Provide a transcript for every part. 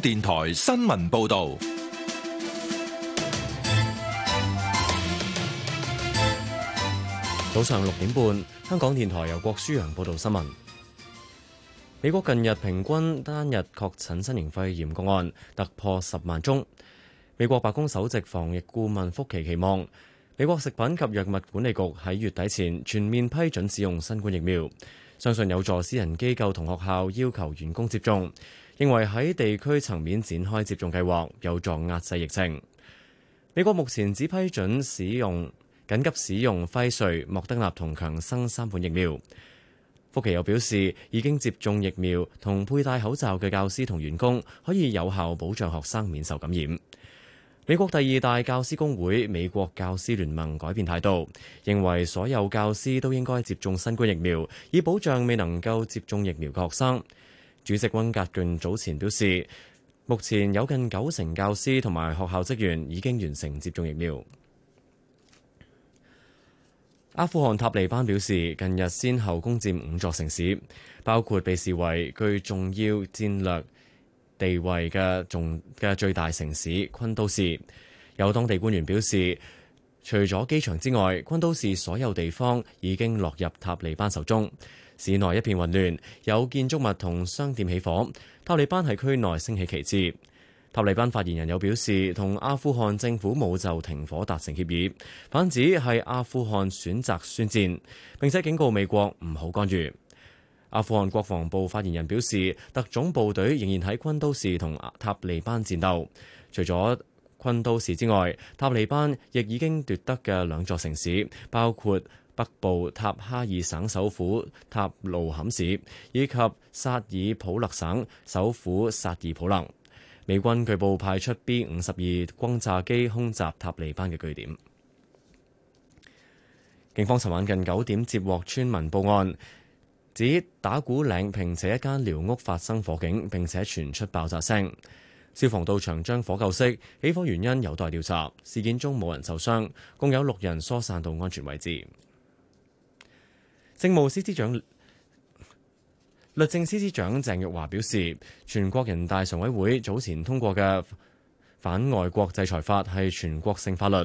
電台新聞報道，早上六點半，香港電台由郭舒揚報道新聞。美國近日平均單日確診新型肺炎個案突破十萬宗。美國白宮首席防疫顧問福奇期望，美國食品及藥物管理局喺月底前全面批准使用新冠疫苗，相信有助私人機構同學校要求員工接種。認為喺地區層面展開接種計劃有助壓制疫情。美國目前只批准使用緊急使用輝瑞、莫德納同強生三款疫苗。福奇又表示，已經接種疫苗同佩戴口罩嘅教師同員工，可以有效保障學生免受感染。美國第二大教師工會，美國教師聯盟改變態度，認為所有教師都應該接種新冠疫苗，以保障未能夠接種疫苗嘅學生。主席溫格郡早前表示，目前有近九成教師同埋學校職員已經完成接種疫苗。阿富汗塔利班表示，近日先後攻佔五座城市，包括被視為具重要戰略地位嘅重嘅最大城市昆都士。有當地官員表示，除咗機場之外，昆都士所有地方已經落入塔利班手中。市內一片混亂，有建築物同商店起火。塔利班喺區內升起旗幟。塔利班發言人有表示，同阿富汗政府冇就停火達成協議，反指係阿富汗選擇宣戰，並且警告美國唔好干預。阿富汗國防部發言人表示，特種部隊仍然喺昆都士同塔利班戰鬥。除咗昆都士之外，塔利班亦已經奪得嘅兩座城市，包括。.北部塔哈爾省首府塔盧坎市以及薩爾普勒省首府薩爾普勒，美軍據報派出 B 五十二轟炸機空襲塔利班嘅據點。警方尋晚近九點接獲村民報案，指打鼓嶺坪輋一間寮屋發生火警，並且傳出爆炸聲。消防到場將火救熄，起火原因有待調查。事件中冇人受傷，共有六人疏散到安全位置。政務司司長、律政司司長鄭玉華表示，全國人大常委會早前通過嘅反外國制裁法係全國性法律，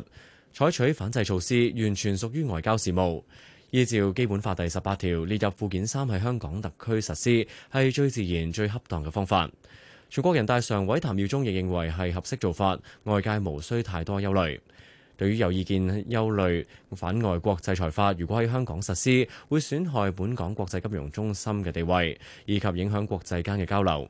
採取反制措施完全屬於外交事務。依照基本法第十八條，列入附件三喺香港特區實施係最自然、最恰當嘅方法。全國人大常委譚耀宗亦認為係合適做法，外界無需太多憂慮。對於有意見憂慮反外國制裁法，如果喺香港實施，會損害本港國際金融中心嘅地位，以及影響國際間嘅交流。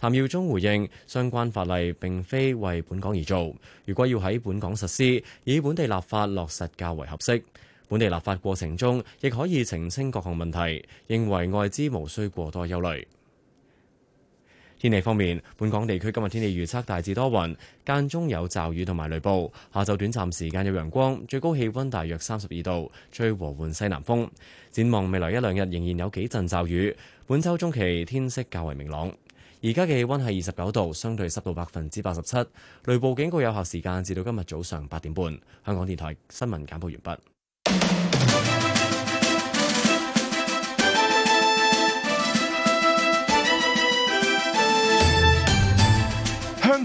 譚耀宗回應，相關法例並非為本港而做，如果要喺本港實施，以本地立法落實較為合適。本地立法過程中，亦可以澄清各項問題，認為外資無需過多憂慮。天氣方面，本港地區今日天氣預測大致多雲，間中有驟雨同埋雷暴。下晝短暫時間有陽光，最高氣溫大約三十二度，吹和緩西南風。展望未來一兩日仍然有幾陣驟雨。本周中期天色較為明朗。而家嘅氣溫係二十九度，相對濕度百分之八十七。雷暴警告有效時間至到今日早上八點半。香港電台新聞簡報完畢。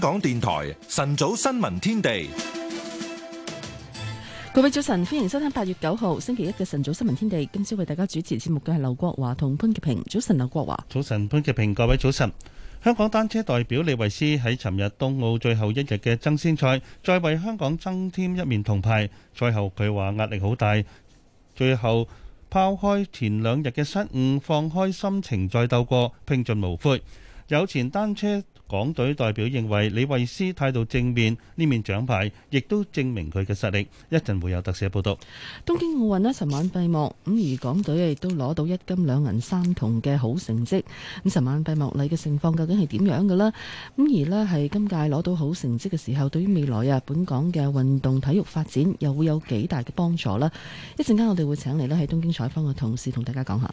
香港電台晨早新聞天地，各位早晨，歡迎收聽八月九號星期一嘅晨早新聞天地。今朝為大家主持節目嘅係劉國華同潘潔平。早晨，劉國華，早晨，潘潔平，各位早晨。香港單車代表李維斯喺尋日東奧最後一日嘅爭先賽，再為香港增添一面銅牌。賽後佢話壓力好大，最後拋開前兩日嘅失誤，放開心情再鬥過，拼盡無悔。有前單車。港隊代表認為李慧詩態度正面，呢面獎牌亦都證明佢嘅實力。一陣會有特寫報道。東京奧運呢，尋晚閉幕，咁而港隊亦都攞到一金兩銀三銅嘅好成績。咁尋晚閉幕禮嘅盛況究竟係點樣嘅呢？咁而呢係今屆攞到好成績嘅時候，對於未來啊，本港嘅運動體育發展又會有幾大嘅幫助呢？一陣間我哋會請嚟呢喺東京採訪嘅同事同大家講下。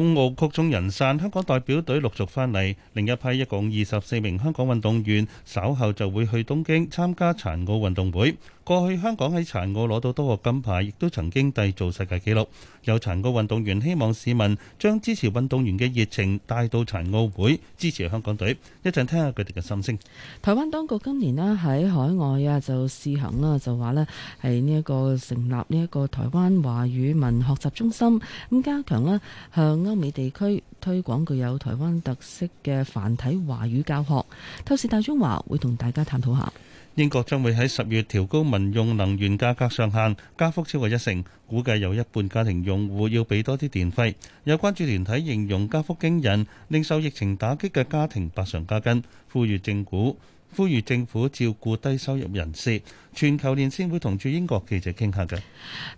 東奧曲終人散，香港代表隊陸續返嚟，另一批一共二十四名香港運動員稍後就會去東京參加殘奧運動會。過去香港喺殘奧攞到多個金牌，亦都曾經締造世界紀錄。有殘奧運動員希望市民將支持運動員嘅熱情帶到殘奧會，支持香港隊。一陣聽下佢哋嘅心聲。台灣當局今年呢喺海外啊，就試行啦，就話呢係呢一個成立呢一個台灣華語文學習中心，咁加強啦向歐美地區推廣具有台灣特色嘅繁體華語教學。透視大中華會同大家探討下。英國將會喺十月調高民用能源價格上限，加幅超過一成，估計有一半家庭用戶要俾多啲電費。有關注團體形容加幅驚人，令受疫情打擊嘅家庭百上加斤，呼籲正股。呼籲政府照顧低收入人士。全球連線會同駐英國記者傾下嘅。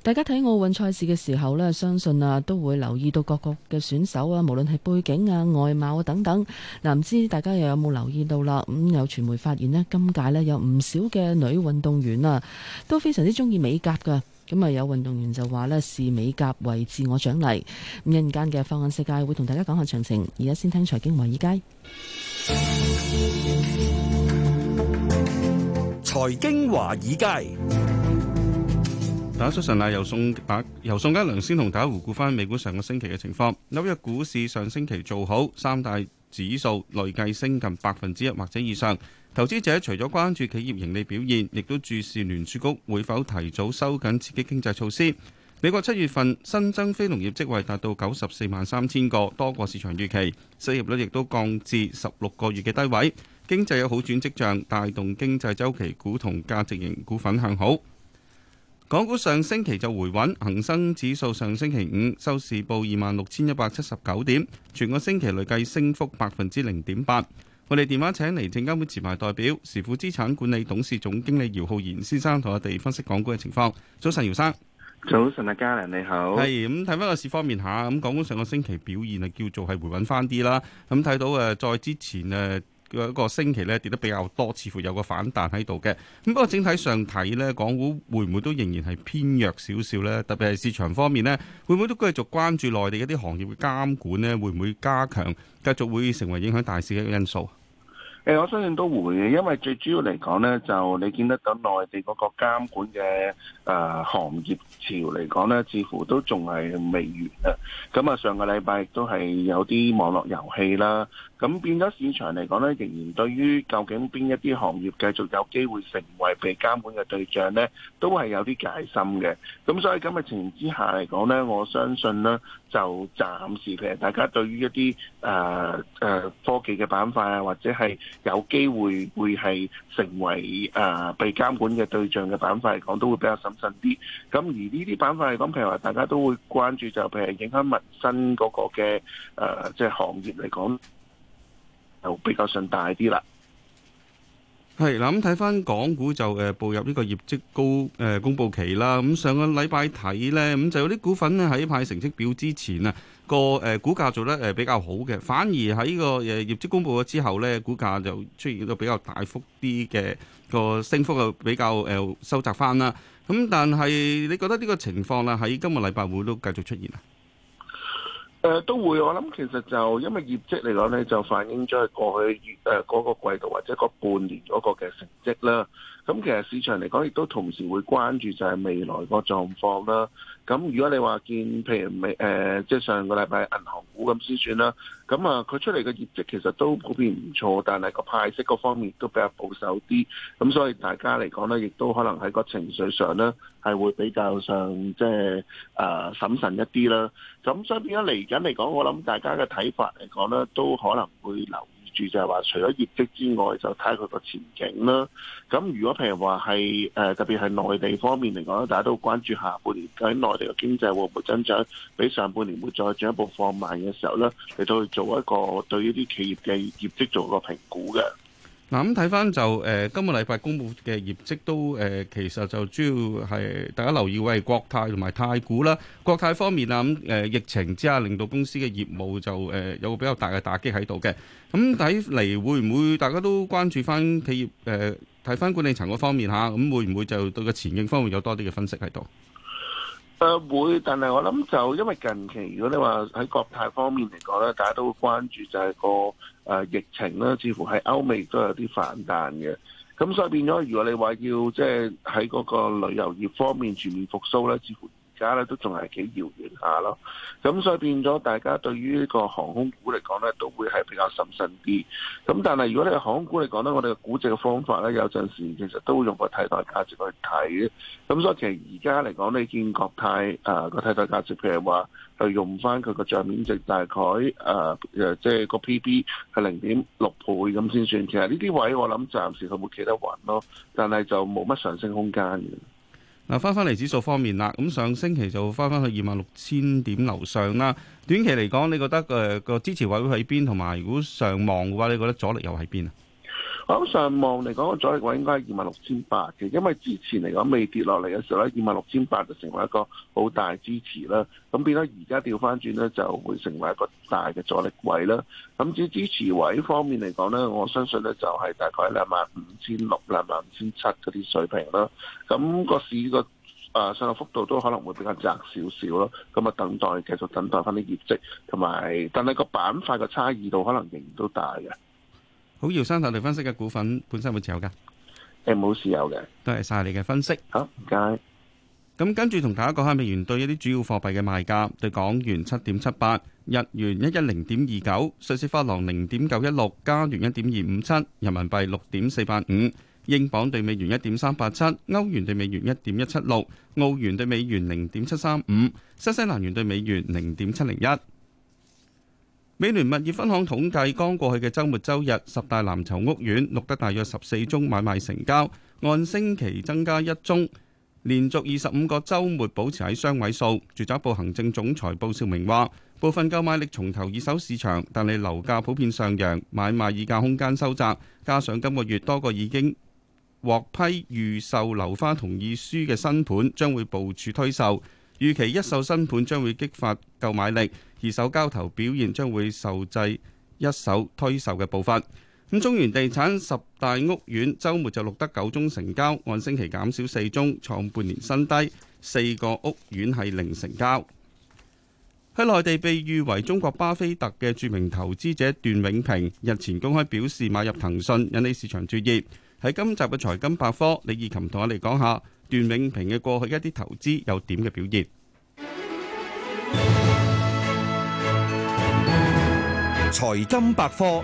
大家睇奧運賽事嘅時候咧，相信啊都會留意到各國嘅選手啊，無論係背景啊、外貌啊等等。嗱，唔知大家又有冇留意到啦？咁有傳媒發現咧，今屆咧有唔少嘅女運動員啊都非常之中意美甲嘅。咁啊，有運動員就話咧視美甲為自我獎勵。咁一陣間嘅放眼世界會同大家講下詳情。而家先聽財經華爾街。財經華爾街，大家早晨啊！由宋、呃、由宋嘉良先同大家回顧翻美股上個星期嘅情況。紐約股市上星期做好，三大指數累計升近百分之一或者以上。投資者除咗關注企業盈利表現，亦都注視聯儲局會否提早收緊刺激經濟措施。美國七月份新增非農業職位達到九十四萬三千個，多過市場預期，失業率亦都降至十六個月嘅低位。經濟有好轉迹象，帶動經濟周期股同價值型股份向好。港股上星期就回穩，恒生指數上星期五收市報二萬六千一百七十九點，全個星期累計升幅百分之零點八。我哋電話請嚟證監會持牌代表時富資產管理董事總經理姚浩然先生同我哋分析港股嘅情況。早晨，姚生，早晨啊，嘉良你好。係咁睇翻個市方面下，咁、嗯、港股上個星期表現啊叫做係回穩翻啲啦。咁、嗯、睇到誒，在、呃、之前誒。呃一個星期咧跌得比較多，似乎有個反彈喺度嘅。咁不過整體上睇咧，港股會唔會都仍然係偏弱少少咧？特別係市場方面咧，會唔會都繼續關注內地的一啲行業嘅監管咧？會唔會加強？繼續會成為影響大市嘅因素？誒，我相信都會，因為最主要嚟講咧，就你見得到內地嗰個監管嘅。誒、啊、行業潮嚟講呢，似乎都仲係未完啊！咁啊，上個禮拜亦都係有啲網絡遊戲啦，咁變咗市場嚟講呢，仍然對於究竟邊一啲行業繼續有機會成為被監管嘅對象呢，都係有啲戒心嘅。咁所以咁嘅情形之下嚟講呢，我相信呢，就暫時譬如大家對於一啲誒、呃呃、科技嘅板塊啊，或者係有機會會係成為誒、呃、被監管嘅對象嘅板塊嚟講，都會比較心。啲咁，而呢啲板塊嚟講，譬如話，大家都會關注就，譬如影響民生嗰個嘅誒，即、呃、係、就是、行業嚟講，就比較順大啲啦。係嗱，咁睇翻港股就誒步、呃、入呢個業績高誒、呃、公布期啦。咁上個禮拜睇咧，咁就有啲股份呢喺派成績表之前啊、嗰個、誒、呃、股價做得誒比較好嘅，反而喺呢個誒業績公布咗之後咧，股價就出現咗比較大幅啲嘅、嗰個升幅啊，比較誒、呃、收窄翻啦。咁但係你覺得呢個情況啦，喺今個禮拜會都繼續出現啊？誒、呃，都會，我諗其實就因為業績嚟講咧，就反映咗過去月誒嗰個季度或者嗰半年嗰個嘅成績啦。咁其實市場嚟講，亦都同時會關注就係未來個狀況啦。咁如果你話見，譬如未誒，即係上個禮拜銀行股咁先算啦。咁啊，佢出嚟嘅業績其實都普遍唔錯，但係個派息嗰方面都比較保守啲。咁所以大家嚟講呢，亦都可能喺個情緒上呢，係會比較上即係啊審慎一啲啦。咁所以變咗嚟緊嚟講，我諗大家嘅睇法嚟講呢，都可能會留住就係話，除咗業績之外，就睇佢個前景啦。咁如果譬如話係誒，特別係內地方面，嚟講咧，大家都關注下半年喺內地嘅經濟會唔會增長，比上半年會再進一步放慢嘅時候咧，你都去做一個對呢啲企業嘅業績做個評估嘅。嗱，咁睇翻就誒，今個禮拜公布嘅業績都誒、呃，其實就主要係大家留意嘅係，國泰同埋太古啦。國泰方面啊，咁、呃、疫情之下，令到公司嘅業務就誒、呃、有個比較大嘅打擊喺度嘅。咁睇嚟會唔會大家都關注翻企業誒？睇、呃、翻管理層嗰方面下，咁、啊、會唔會就對個前景方面有多啲嘅分析喺度？誒會，但係我諗就因為近期如果你話喺國泰方面嚟講咧，大家都會關注就係個誒疫情啦，似乎喺歐美都有啲反彈嘅，咁所以變咗如果你話要即係喺嗰個旅遊業方面全面復甦咧，似乎。而家咧都仲係幾遙遠下咯，咁所以變咗大家對於呢個航空股嚟講咧，都會係比較審慎啲。咁但係如果你航空股嚟講咧，我哋嘅估值嘅方法咧，有陣時其實都會用個替代價值去睇嘅。咁所以其實而家嚟講咧，見國泰啊個替代價值，譬如話佢用翻佢個帳面值大概誒誒，即係個 P B 係零點六倍咁先算。其實呢啲位我諗暫時佢會企得穩咯，但係就冇乜上升空間嘅。嗱，翻翻嚟指數方面啦，咁上星期就翻翻去二萬六千點樓上啦。短期嚟講，你覺得誒個支持位會喺邊？同埋如果上望嘅話，你覺得阻力又喺邊啊？咁上望嚟講個阻力位應該係二萬六千八嘅，因為之前嚟講未跌落嚟嘅時候咧，二萬六千八就成為一個好大支持啦。咁變咗而家調翻轉咧，就會成為一個大嘅阻力位啦。咁至於支持位方面嚟講咧，我相信咧就係大概係兩萬五千六、兩萬五千七嗰啲水平啦。咁、那個市個啊上落幅度都可能會比較窄少少咯。咁啊等待繼續等待翻啲業績同埋，但係個板塊個差異度可能仍然都大嘅。好，姚生頭地分析嘅股份本身會持有噶，誒冇持有嘅，多謝晒你嘅分析。好唔該。咁跟住同大家講下美元對一啲主要貨幣嘅賣價：對港元七點七八，日元一一零點二九，瑞士法郎零點九一六，加元一點二五七，人民幣六點四八五，英鎊兌美元一點三八七，歐元兌美元一點一七六，澳元兌美元零點七三五，新西蘭元兌美元零點七零一。美聯物業分行統計，剛過去嘅周末周日，十大藍籌屋苑錄得大約十四宗買賣成交，按星期增加一宗，連續二十五個周末保持喺雙位數。住宅部行政總裁布少明話，部分購買力重投二手市場，但係樓價普遍上揚，買賣議價空間收窄，加上今個月多個已經獲批預售樓花同意書嘅新盤將會部署推售。預期一手新盤將會激發購買力，二手交投表現將會受制一手推售嘅步伐。咁中原地產十大屋苑週末就錄得九宗成交，按星期減少四宗，創半年新低。四個屋苑係零成交。喺內地被譽為中國巴菲特嘅著名投資者段永平日前公開表示買入騰訊，引起市場注意。喺今集嘅財金百科，李義琴同我哋講下段永平嘅過去一啲投資有點嘅表現。財金百科。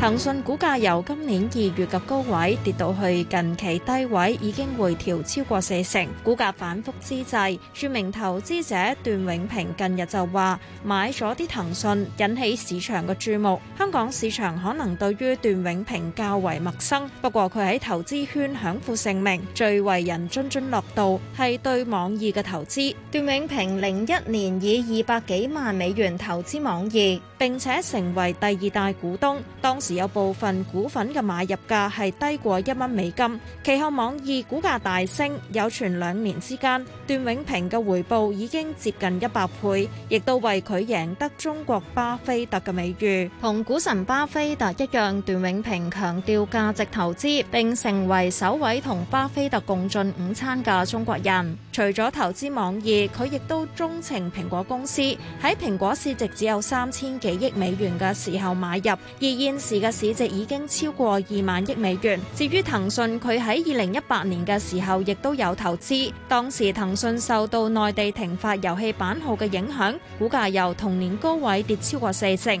騰訊股價由今年二月嘅高位跌到去近期低位，已經回調超過四成。股價反覆之際，著名投資者段永平近日就話買咗啲騰訊，引起市場嘅注目。香港市場可能對於段永平較為陌生，不過佢喺投資圈享負盛名，最為人津津樂道係對網易嘅投資。段永平零一年以二百幾萬美元投資網易，並且成為第二大股東。當有部分股份嘅買入價係低過一蚊美金，其後網易股價大升，有傳兩年之間，段永平嘅回報已經接近一百倍，亦都為佢贏得中國巴菲特嘅美譽。同股神巴菲特一樣，段永平強調價值投資，並成為首位同巴菲特共進午餐嘅中國人。除咗投資網易，佢亦都鍾情蘋果公司。喺蘋果市值只有三千幾億美元嘅時候買入，而現時嘅市值已經超過二萬億美元。至於騰訊，佢喺二零一八年嘅時候亦都有投資。當時騰訊受到內地停發遊戲版號嘅影響，股價由同年高位跌超過四成。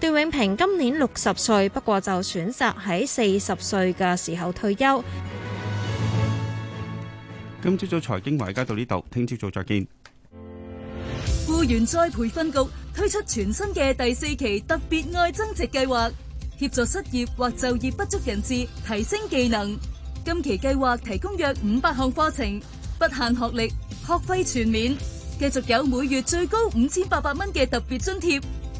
段永平今年六十歲，不過就選擇喺四十歲嘅時候退休。今朝早財經快加到呢度，聽朝早再見。僱員再培訓局推出全新嘅第四期特別愛增值計劃，協助失業或就業不足人士提升技能。今期計劃提供約五百項課程，不限學歷，學費全免，繼續有每月最高五千八百蚊嘅特別津貼。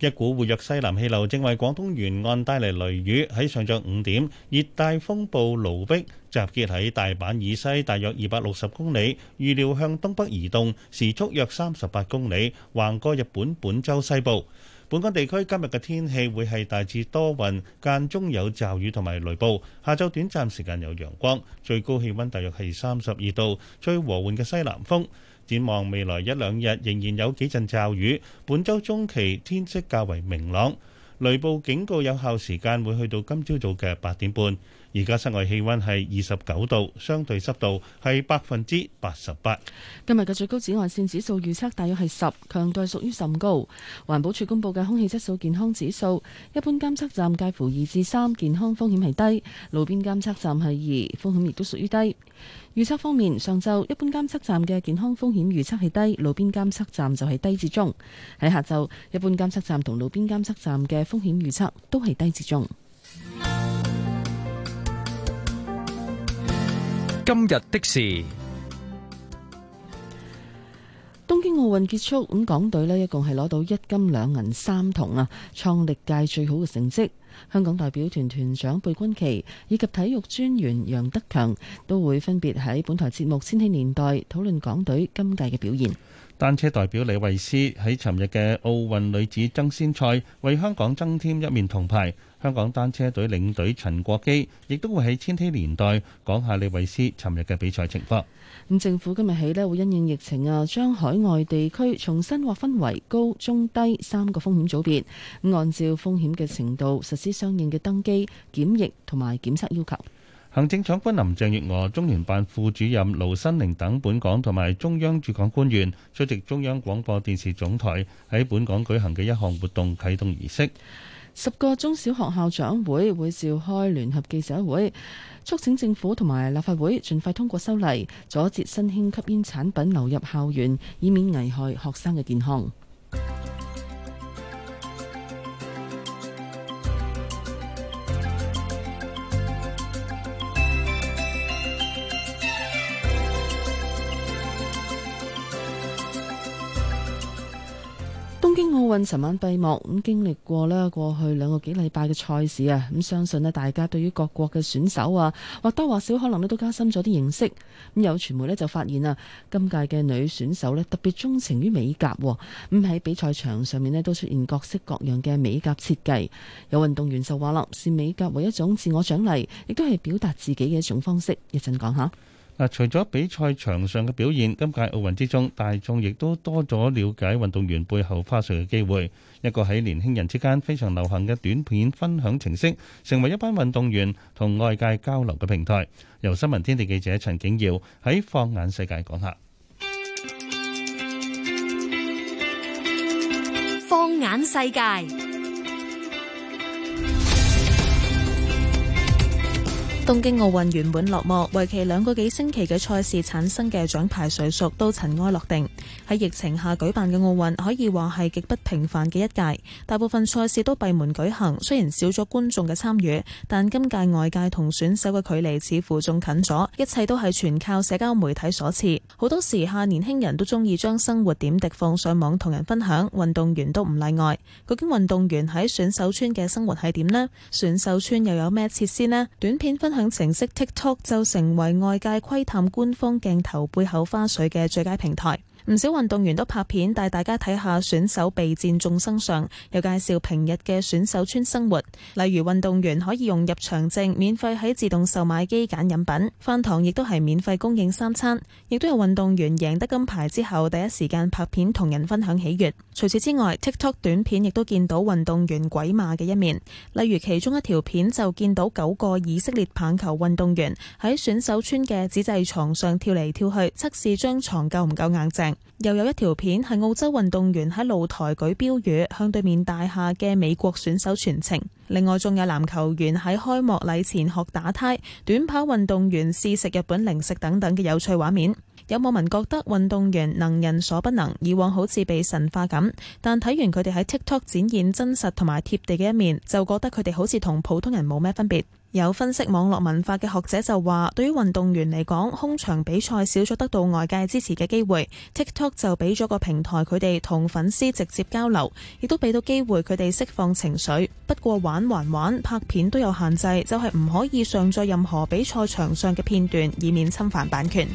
一股活躍西南氣流正為廣東沿岸帶嚟雷雨，喺上晝五點，熱帶風暴盧碧集結喺大阪以西大約二百六十公里，預料向東北移動，時速約三十八公里，橫過日本本州西部。本港地區今日嘅天氣會係大致多雲，間中有驟雨同埋雷暴，下晝短暫時間有陽光，最高氣溫大約係三十二度，最和緩嘅西南風。展望未來一兩日仍然有幾陣驟雨，本周中期天色較為明朗。雷暴警告有效時間會去到今朝早嘅八點半。而家室外氣温係二十九度，相對濕度係百分之八十八。今日嘅最高紫外線指數預測大約係十，強度屬於甚高。環保署公布嘅空氣質素健康指數，一般監測站介乎二至三，健康風險係低；路邊監測站係二，風險亦都屬於低。預測方面，上晝一般監測站嘅健康風險預測係低，路邊監測站就係低至中。喺下晝，一般監測站同路邊監測站嘅風險預測都係低至中。今日的事，東京奧運結束，咁港隊呢一共係攞到一金兩銀三銅啊，創歷屆最好嘅成績。香港代表團團長貝君琪以及體育專員楊德強都會分別喺本台節目《千禧年代》討論港隊今屆嘅表現。單車代表李慧詩喺尋日嘅奧運女子爭先賽為香港增添一面銅牌。香港單車隊領隊陳國基亦都會喺千禧年代講下李慧詩尋日嘅比賽情況。咁政府今日起呢會因應疫情啊，將海外地區重新劃分為高中低三個風險組別，按照風險嘅程度實施相應嘅登機檢疫同埋檢測要求。行政長官林鄭月娥、中聯辦副主任盧新寧等本港同埋中央駐港官員出席中央廣播電視總台喺本港舉行嘅一項活動啟動儀式。十個中小學校長會會召開聯合記者會，促請政府同埋立法會盡快通過修例，阻截新興吸煙產品流入校園，以免危害學生嘅健康。經奧運尋晚閉幕咁，經歷過咧過去兩個幾禮拜嘅賽事啊，咁相信咧大家對於各國嘅選手啊，或多或少可能咧都加深咗啲認識。咁有傳媒咧就發現啊，今屆嘅女選手咧特別鍾情於美甲，咁喺比賽場上面咧都出現各式各樣嘅美甲設計。有運動員就話啦，視美甲為一種自我獎勵，亦都係表達自己嘅一種方式。一陣講下。嗱，除咗比賽場上嘅表現，今屆奧運之中，大眾亦都多咗了解運動員背後花絮嘅機會。一個喺年輕人之間非常流行嘅短片分享程式，成為一班運動員同外界交流嘅平台。由新聞天地記者陳景耀喺《放眼世界》講下《放眼世界》。東京奧運圓滿落幕，為期兩個幾星期嘅賽事產生嘅獎牌誰屬都塵埃落定。喺疫情下舉辦嘅奧運可以話係極不平凡嘅一屆，大部分賽事都閉門舉行，雖然少咗觀眾嘅參與，但今屆外界同選手嘅距離似乎仲近咗，一切都係全靠社交媒體所賜。好多時下年輕人都中意將生活點滴放上網同人分享，運動員都唔例外。究竟運動員喺選手村嘅生活係點呢？選手村又有咩設施呢？短片分享。等程式 TikTok 就成為外界窺探官方鏡頭背後花絮嘅最佳平台。唔少運動員都拍片，帶大家睇下選手備戰眾生上，又介紹平日嘅選手村生活，例如運動員可以用入場證免費喺自動售賣機揀飲品，飯堂亦都係免費供應三餐，亦都有運動員贏得金牌之後第一時間拍片同人分享喜悅。除此之外，TikTok 短片亦都見到運動員鬼馬嘅一面，例如其中一條片就見到九個以色列棒球運動員喺選手村嘅紙製床上跳嚟跳去，測試張床夠唔夠硬淨。又有一條片係澳洲運動員喺露台舉標語向對面大廈嘅美國選手傳情，另外仲有籃球員喺開幕禮前學打呔，短跑運動員試食日本零食等等嘅有趣畫面。有網民覺得運動員能人所不能，以往好似被神化咁，但睇完佢哋喺 TikTok 展現真實同埋貼地嘅一面，就覺得佢哋好似同普通人冇咩分別。有分析網絡文化嘅學者就話，對於運動員嚟講，空場比賽少咗得到外界支持嘅機會，TikTok 就俾咗個平台佢哋同粉絲直接交流，亦都俾到機會佢哋釋放情緒。不過玩還玩，拍片都有限制，就係唔可以上載任何比賽場上嘅片段，以免侵犯版權。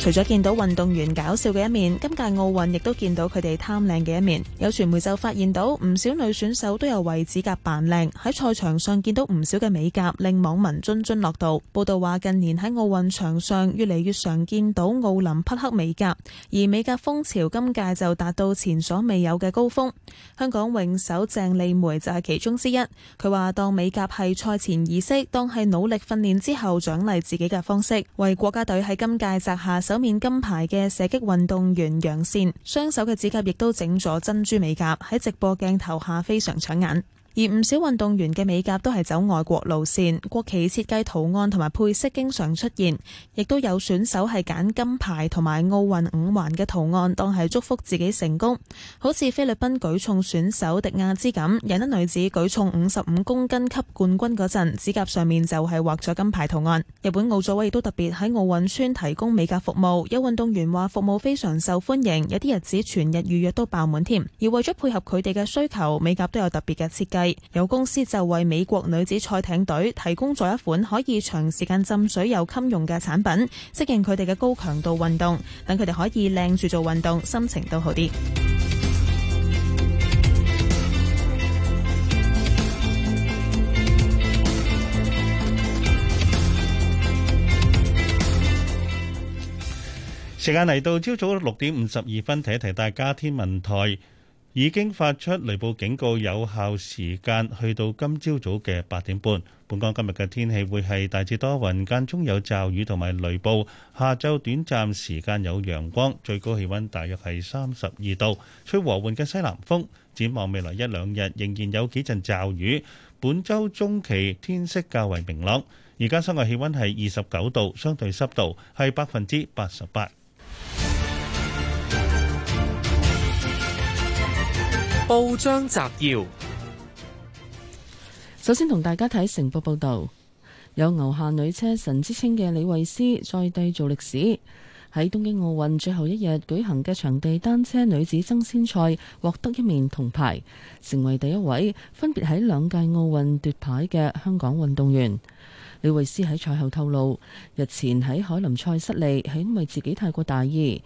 除咗見到運動員搞笑嘅一面，今屆奧運亦都見到佢哋貪靚嘅一面。有傳媒就發現到唔少女選手都有為指甲扮靚，喺賽場上見到唔少嘅美甲，令網民津津樂道。報道話近年喺奧運場上越嚟越常見到奧林匹克美甲，而美甲風潮今屆就達到前所未有嘅高峰。香港泳手鄭莉梅就係其中之一。佢話當美甲係賽前儀式，當係努力訓練之後獎勵自己嘅方式，為國家隊喺今屆摘下首面金牌嘅射擊運動員楊倩，雙手嘅指甲亦都整咗珍珠美甲，喺直播鏡頭下非常搶眼。而唔少運動員嘅美甲都係走外國路線，國旗設計圖案同埋配色經常出現，亦都有選手係揀金牌同埋奧運五環嘅圖案當係祝福自己成功。好似菲律賓舉重選手迪亞茲咁，贏得女子舉重五十五公斤級冠軍嗰陣，指甲上面就係畫咗金牌圖案。日本奧組委亦都特別喺奧運村提供美甲服務，有運動員話服務非常受歡迎，有啲日子全日預約都爆滿添。而為咗配合佢哋嘅需求，美甲都有特別嘅設計。有公司就為美國女子賽艇隊提供咗一款可以長時間浸水又襟用嘅產品，適應佢哋嘅高強度運動，等佢哋可以靚住做運動，心情都好啲。時間嚟到朝早六點五十二分，提一提大家天文台已經發出雷暴警告，有效時間去到今朝早嘅八點半。本港今日嘅天氣會係大致多雲，間中有驟雨同埋雷暴。下晝短暫時間有陽光，最高氣温大約係三十二度，吹和緩嘅西南風。展望未來一兩日，仍然有幾陣驟雨。本週中期天色較為明朗。而家室外氣温係二十九度，相對濕度係百分之八十八。報章摘要：首先同大家睇《成報》報道，有牛下女車神之稱嘅李慧詩再度創造歷史。喺東京奧運最後一日舉行嘅場地單車女子爭先賽，獲得一面銅牌，成為第一位分別喺兩屆奧運奪牌嘅香港運動員。李慧詩喺賽後透露，日前喺凱林賽失利係因為自己太過大意。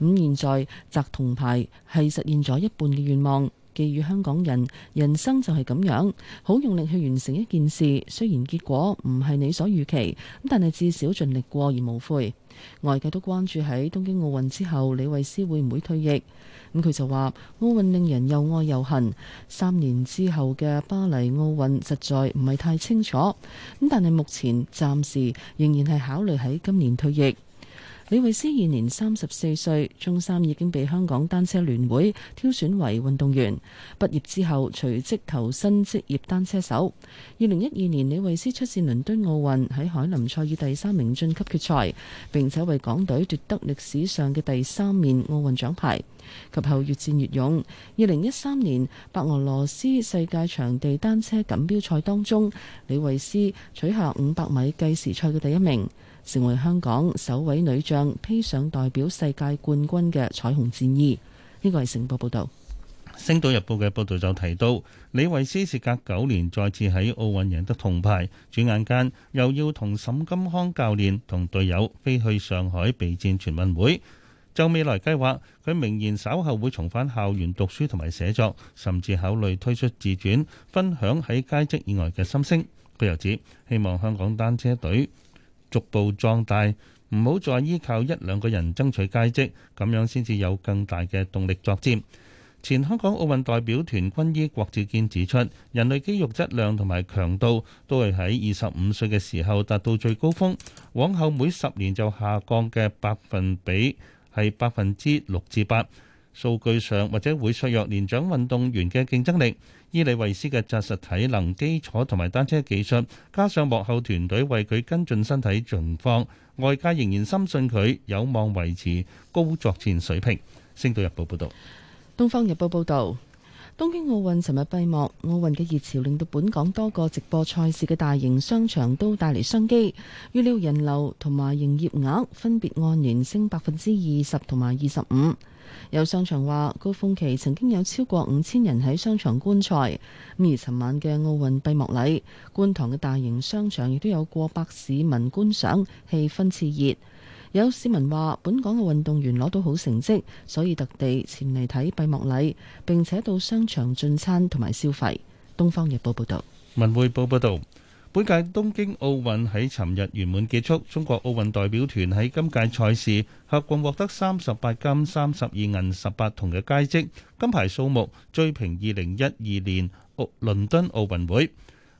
咁現在摘銅牌係實現咗一半嘅願望。寄予香港人，人生就係咁樣，好用力去完成一件事，雖然結果唔係你所預期，但係至少盡力過而無悔。外界都關注喺東京奧運之後，李慧詩會唔會退役咁？佢就話奧運令人又愛又恨，三年之後嘅巴黎奧運實在唔係太清楚咁，但係目前暫時仍然係考慮喺今年退役。李慧詩現年三十四歲，中三已經被香港單車聯會挑選為運動員。畢業之後，隨即投身職業單車手。二零一二年，李慧詩出戰倫敦奧運，喺凱林賽以第三名晉級決賽，並且為港隊奪得歷史上嘅第三面奧運獎牌。及後越戰越勇，二零一三年白俄羅斯世界場地單車錦標賽當中，李慧詩取下五百米計時賽嘅第一名。成為香港首位女將，披上代表世界冠軍嘅彩虹戰衣。呢個係成報報導，《星島日報》嘅報導就提到，李慧詩事隔九年再次喺奧運贏得銅牌，轉眼間又要同沈金康教練同隊友飛去上海備戰全運會。就未來計劃，佢明年稍後會重返校園讀書同埋寫作，甚至考慮推出自傳，分享喺佳績以外嘅心聲。佢又指希望香港單車隊，逐步壯大，唔好再依靠一兩個人爭取佳績，咁樣先至有更大嘅動力作戰。前香港奧運代表團軍醫郭志堅指出，人類肌肉質量同埋強度都係喺二十五歲嘅時候達到最高峰，往後每十年就下降嘅百分比係百分之六至八，數據上或者會削弱年長運動員嘅競爭力。伊利維斯嘅紮實實體能基礎同埋單車技術，加上幕後團隊為佢跟進身體狀況，外界仍然深信佢有望維持高作戰水平。星島日報報道，東方日報報道，東京奧運尋日閉幕，奧運嘅熱潮令到本港多個直播賽事嘅大型商場都帶嚟商機，預料人流同埋營業額分別按年升百分之二十同埋二十五。有商場話，高峯期曾經有超過五千人喺商場觀賽。咁而尋晚嘅奧運閉幕禮，觀塘嘅大型商場亦都有過百市民觀賞，氣氛熾熱。有市民話，本港嘅運動員攞到好成績，所以特地前嚟睇閉幕禮，並且到商場進餐同埋消費。《東方日報》報道。《文匯報》報道。本屆東京奧運喺尋日圓滿結束，中國奧運代表團喺今屆賽事合共獲得三十八金、三十二銀、十八銅嘅佳績，金牌數目追平二零一二年倫敦奧運會。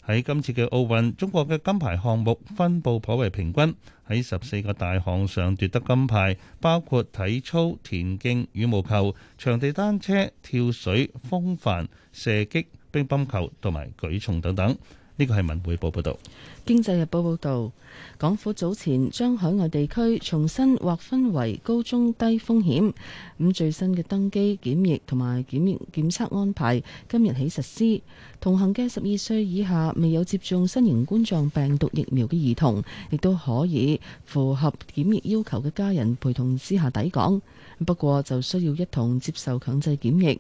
喺今次嘅奧運，中國嘅金牌項目分布頗為平均，喺十四個大項上奪得金牌，包括體操、田徑、羽毛球、場地單車、跳水、風帆、射擊、乒乓球同埋舉重等等。呢個係文匯報報導。《經濟日報》報導，港府早前將海外地區重新劃分為高、中、低風險。咁最新嘅登機檢疫同埋檢疫檢測安排今日起實施。同行嘅十二歲以下未有接種新型冠狀病毒疫苗嘅兒童，亦都可以符合檢疫要求嘅家人陪同之下抵港。不過就需要一同接受強制檢疫。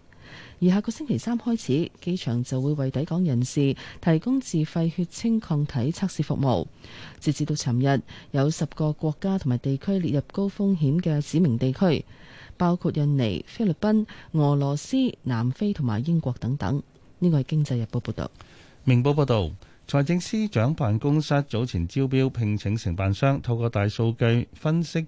而下個星期三開始，機場就會為抵港人士提供自費血清抗體測試服務。截至到尋日，有十個國家同埋地區列入高風險嘅指明地區，包括印尼、菲律賓、俄羅斯、南非同埋英國等等。呢個係《經濟日報》報道。明報報道，財政司長辦公室早前招標聘請承辦商，透過大數據分析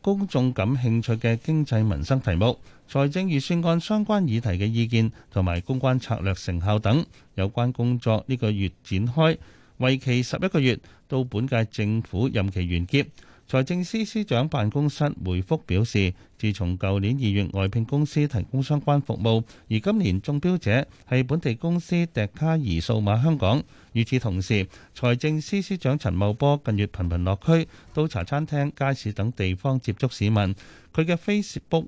公眾感興趣嘅經濟民生題目。財政預算案相關議題嘅意見同埋公關策略成效等有關工作呢個月展開，為期十一個月到本屆政府任期完結。財政司司長辦公室回覆表示，自從舊年二月外聘公司提供相關服務，而今年中標者係本地公司迪卡爾數碼香港。與此同時，財政司司長陳茂波近月頻頻落區到茶餐廳、街市等地方接觸市民，佢嘅 Facebook。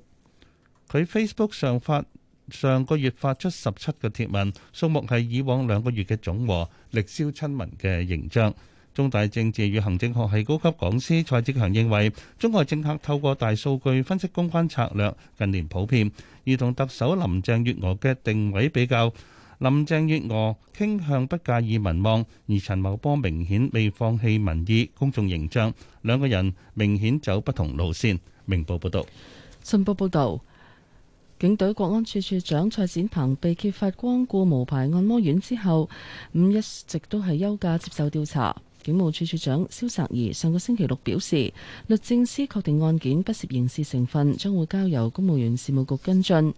佢 Facebook 上發上個月發出十七個帖文，數目係以往兩個月嘅總和，力銷親民嘅形象。中大政治與行政學系高級講師蔡志強認為，中外政客透過大數據分析公關策略，近年普遍。而同特首林鄭月娥嘅定位比較，林鄭月娥傾向不介意民望，而陳茂波明顯未放棄民意、公眾形象，兩個人明顯走不同路線。明報報道，信報報道。警隊國安處處長蔡展鵬被揭發光顧無牌按摩院之後，咁一直都係休假接受調查。警務處處長蕭澤怡上個星期六表示，律政司確定案件不涉刑事成分，將會交由公務員事務局跟進。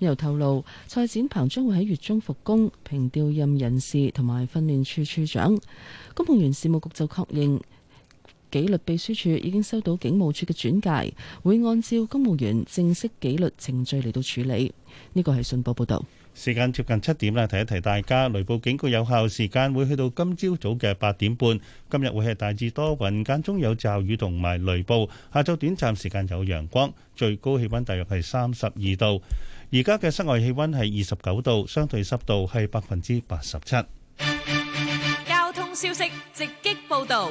又透露，蔡展鵬將會喺月中復工，平調任人事同埋訓練處處長。公務員事務局就確認。紀律秘書處已經收到警務處嘅轉介，會按照公務員正式紀律程序嚟到處理。呢個係信報報道。時間接近七點啦，提一提大家，雷暴警告有效時間會去到今朝早嘅八點半。今日會係大致多雲，間中有驟雨同埋雷暴。下晝短暫時間有陽光，最高氣溫大約係三十二度。而家嘅室外氣溫係二十九度，相對濕度係百分之八十七。交通消息直擊報道。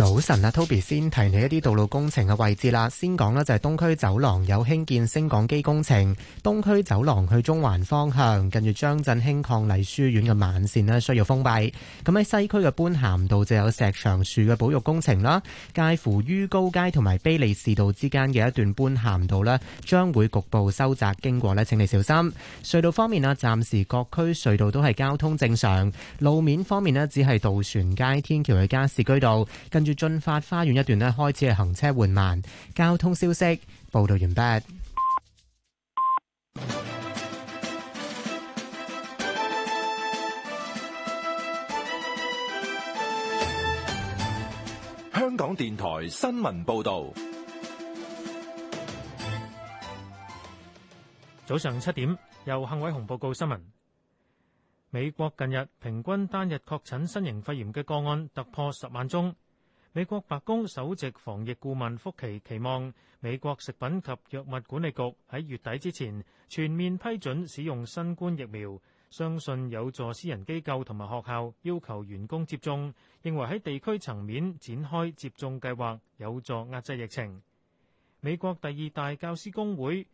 早晨啊，Toby 先提你一啲道路工程嘅位置啦。先講呢就係東區走廊有興建升降機工程，東區走廊去中環方向，近住張振興伉儷書院嘅慢線咧需要封閉。咁喺西區嘅般咸道就有石牆樹嘅保育工程啦。介乎於高街同埋卑利士道之間嘅一段般咸道咧，將會局部收窄，經過咧，請你小心。隧道方面啦，暫時各區隧道都係交通正常。路面方面咧，只係渡船街天橋嘅加士居道，跟住。駿發花園一段咧開始係行車緩慢，交通消息報道完畢。香港電台新聞報道，早上七點由幸偉雄報告新聞。美國近日平均單日確診新型肺炎嘅個案突破十萬宗。美國白宮首席防疫顧問福奇期望美國食品及藥物管理局喺月底之前全面批准使用新冠疫苗，相信有助私人機構同埋學校要求員工接種。認為喺地區層面展開接種計劃有助壓制疫情。美國第二大教師工會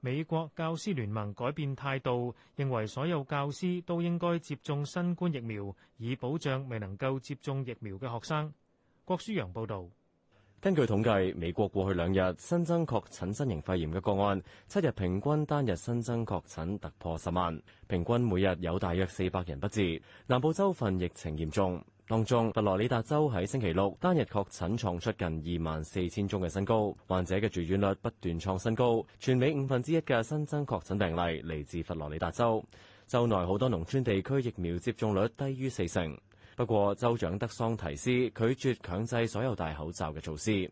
美國教師聯盟改變態度，認為所有教師都應該接種新冠疫苗，以保障未能夠接種疫苗嘅學生。郭舒揚報道，根據統計，美國過去兩日新增確診新型肺炎嘅個案，七日平均單日新增確診突破十萬，平均每日有大約四百人不治。南部州份疫情嚴重，當中佛羅里達州喺星期六單日確診創出近二萬四千宗嘅新高，患者嘅住院率不斷創新高。全美五分之一嘅新增確診病例嚟自佛羅里達州，州內好多農村地區疫苗接種率低於四成。不過，州長德桑提斯拒絕強制所有戴口罩嘅措施。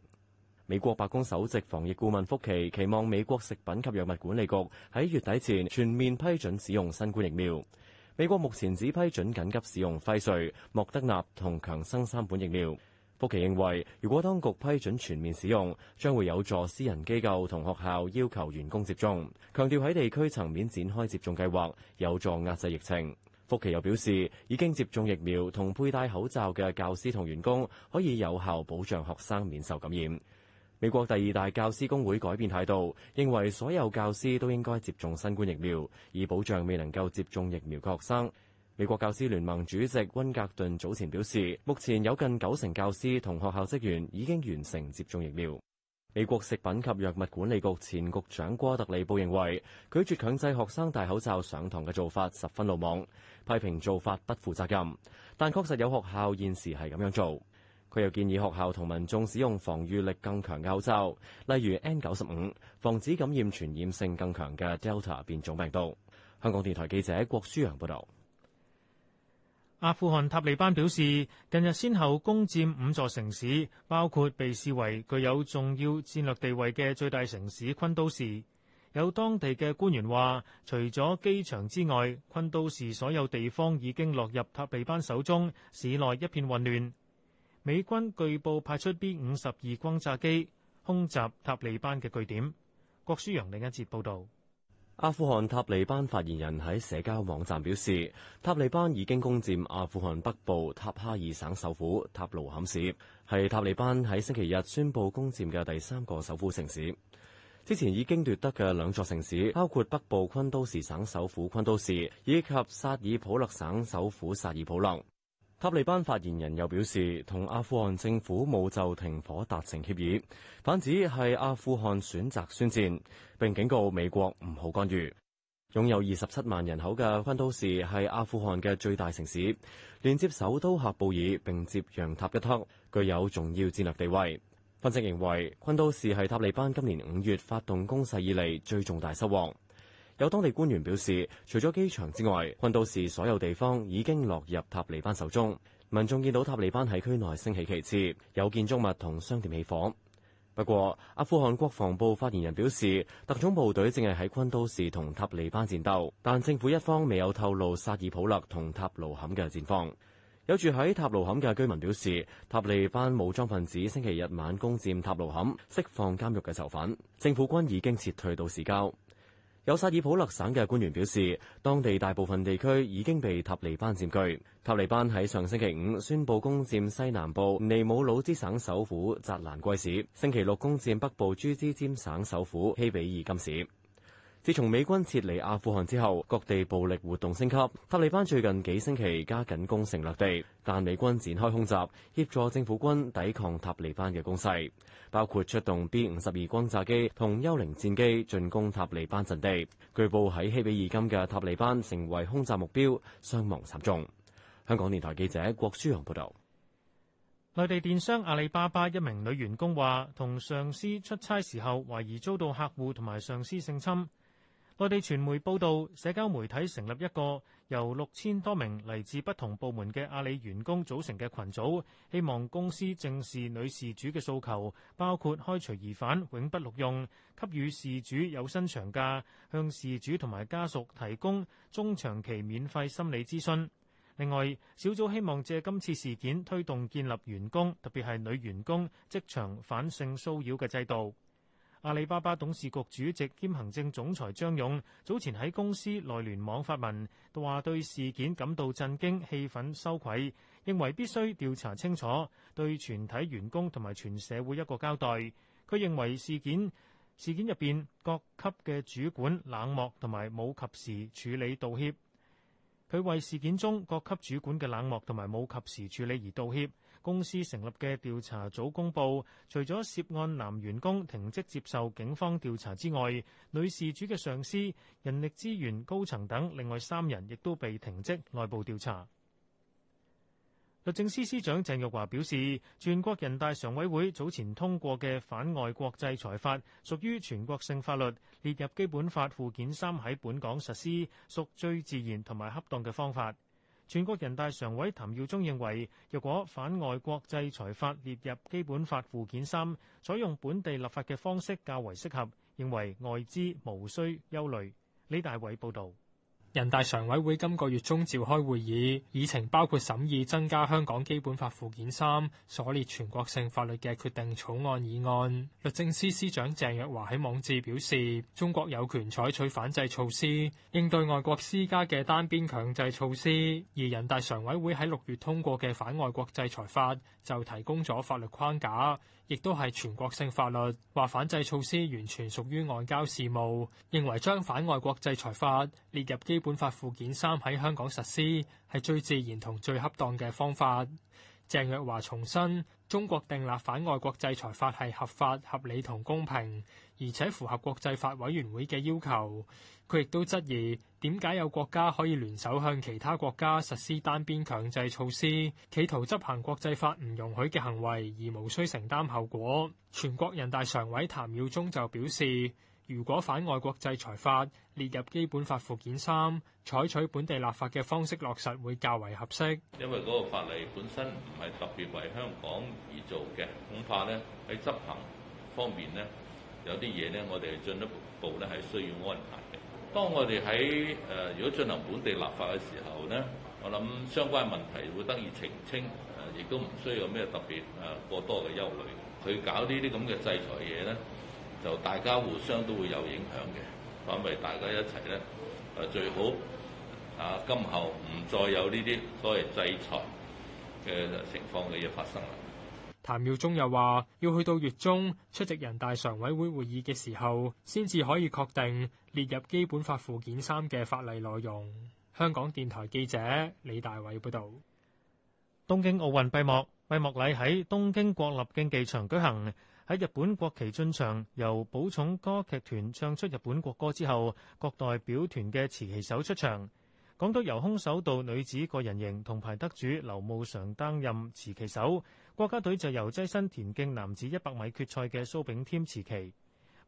美國白宮首席防疫顧問福奇期望美國食品及藥物管理局喺月底前全面批准使用新冠疫苗。美國目前只批准緊急使用輝瑞、莫德納同強生三本疫苗。福奇認為，如果當局批准全面使用，將會有助私人機構同學校要求員工接種，強調喺地區層面展開接種計劃有助壓制疫情。福奇又表示，已經接種疫苗同佩戴口罩嘅教師同員工可以有效保障學生免受感染。美國第二大教師工會改變態度，認為所有教師都應該接種新冠疫苗，以保障未能夠接種疫苗嘅學生。美國教師聯盟主席溫格頓早前表示，目前有近九成教師同學校職員已經完成接種疫苗。美國食品及藥物管理局前局長瓜特利布認為，拒絕強制學生戴口罩上堂嘅做法十分魯莽。批評做法不負責任，但確實有學校現時係咁樣做。佢又建議學校同民眾使用防禦力更強嘅口罩，例如 N 九十五，防止感染傳染性更強嘅 Delta 變種病毒。香港電台記者郭舒揚報導。阿富汗塔利班表示，近日先後攻佔五座城市，包括被視為具有重要戰略地位嘅最大城市昆都市。有當地嘅官員話，除咗機場之外，昆都士所有地方已經落入塔利班手中，市內一片混亂。美軍據報派出 B 五十二轟炸機空襲塔利班嘅據點。郭舒陽另一節報導。阿富汗塔利班發言人喺社交網站表示，塔利班已經攻佔阿富汗北部塔哈爾省首府塔魯坎市，係塔利班喺星期日宣布攻佔嘅第三個首府城市。之前已經奪得嘅兩座城市，包括北部昆都士省首府昆都士，以及沙爾普勒省首府沙爾普勒。塔利班發言人又表示，同阿富汗政府冇就停火達成協議，反指係阿富汗選擇宣戰，並警告美國唔好干預。擁有二十七萬人口嘅昆都士係阿富汗嘅最大城市，連接首都喀布爾並接壤塔吉克，具有重要戰略地位。分析認為，昆都士係塔利班今年五月發動攻勢以嚟最重大失望。有當地官員表示，除咗機場之外，昆都士所有地方已經落入塔利班手中。民眾見到塔利班喺區內升起旗幟，有建築物同商店起火。不過，阿富汗國防部發言人表示，特種部隊正係喺昆都士同塔利班戰鬥，但政府一方未有透露薩爾普勒同塔魯坎嘅戰況。有住喺塔盧坎嘅居民表示，塔利班武裝分子星期日晚攻佔塔盧坎，釋放監獄嘅囚犯。政府軍已經撤退到市郊。有薩爾普勒省嘅官員表示，當地大部分地區已經被塔利班佔據。塔利班喺上星期五宣布攻佔西南部尼姆魯茲省首府扎蘭圭市，星期六攻佔北部朱茲詹省首府希比爾金市。自從美軍撤離阿富汗之後，各地暴力活動升級。塔利班最近幾星期加緊攻城略地，但美軍展開空襲，協助政府軍抵抗塔利班嘅攻勢，包括出動 B 五十二轟炸機同幽靈戰機進攻塔利班陣地。據報喺希比爾金嘅塔利班成為空襲目標，傷亡慘重。香港電台記者郭書雄報道。內地電商阿里巴巴一名女員工話，同上司出差時候，懷疑遭到客戶同埋上司性侵。內地傳媒報導，社交媒體成立一個由六千多名嚟自不同部門嘅阿里員工組成嘅群組，希望公司正視女事主嘅訴求，包括開除疑犯、永不錄用、給予事主有薪長假、向事主同埋家屬提供中長期免費心理諮詢。另外，小組希望借今次事件推動建立員工，特別係女員工職場反性騷擾嘅制度。阿里巴巴董事局主席兼行政總裁張勇早前喺公司內聯網發文，都話對事件感到震驚、氣憤、羞愧，認為必須調查清楚，對全體員工同埋全社會一個交代。佢認為事件事件入邊各級嘅主管冷漠同埋冇及時處理道歉，佢為事件中各級主管嘅冷漠同埋冇及時處理而道歉。公司成立嘅調查組公布，除咗涉案男員工停職接受警方調查之外，女事主嘅上司、人力資源高層等另外三人亦都被停職內部調查。律政司司長鄭玉華表示，全國人大常委會早前通過嘅反外國制裁法屬於全國性法律，列入基本法附件三喺本港實施，屬最自然同埋恰當嘅方法。全國人大常委譚耀宗認為，若果反外國制裁法列入基本法附件三，採用本地立法嘅方式較為適合，認為外資無需憂慮。李大偉報導。人大常委會今個月中召開會議，議程包括審議增加香港基本法附件三所列全國性法律嘅決定草案議案。律政司司長鄭若驊喺網誌表示，中國有權採取反制措施應對外國施加嘅單邊強制措施，而人大常委會喺六月通過嘅反外國制裁法就提供咗法律框架。亦都係全國性法律，話反制措施完全屬於外交事務，認為將反外國制裁法列入基本法附件三喺香港實施，係最自然同最恰當嘅方法。鄭若驊重申，中國訂立反外國制裁法係合法、合理同公平。而且符合國際法委員會嘅要求，佢亦都質疑點解有國家可以聯手向其他國家實施單邊強制措施，企圖執行國際法唔容許嘅行為，而無需承擔後果。全國人大常委譚耀宗就表示，如果反外國制裁法列入基本法附件三，採取本地立法嘅方式落實會較為合適，因為嗰個法例本身唔係特別為香港而做嘅，恐怕咧，喺執行方面咧。有啲嘢咧，我哋進一步咧係需要安排嘅。當我哋喺誒如果進行本地立法嘅時候咧，我諗相關問題會得以澄清，誒亦都唔需要咩特別誒過多嘅憂慮，佢搞呢啲咁嘅制裁嘢咧，就大家互相都會有影響嘅，反為大家一齊咧誒最好啊，今後唔再有呢啲所謂制裁嘅情況嘅嘢發生啦。譚耀宗又話：要去到月中出席人大常委會會議嘅時候，先至可以確定列入基本法附件三嘅法例內容。香港電台記者李大偉報導。東京奧運閉幕。閉幕禮喺東京國立競技場舉行，喺日本國旗進場，由寶塚歌劇團唱出日本國歌之後，各代表團嘅持旗手出場。港隊由空手道女子個人型銅牌得主劉慕裳擔任持旗手。國家隊就由躋身田徑男子一百米決賽嘅蘇炳添持旗，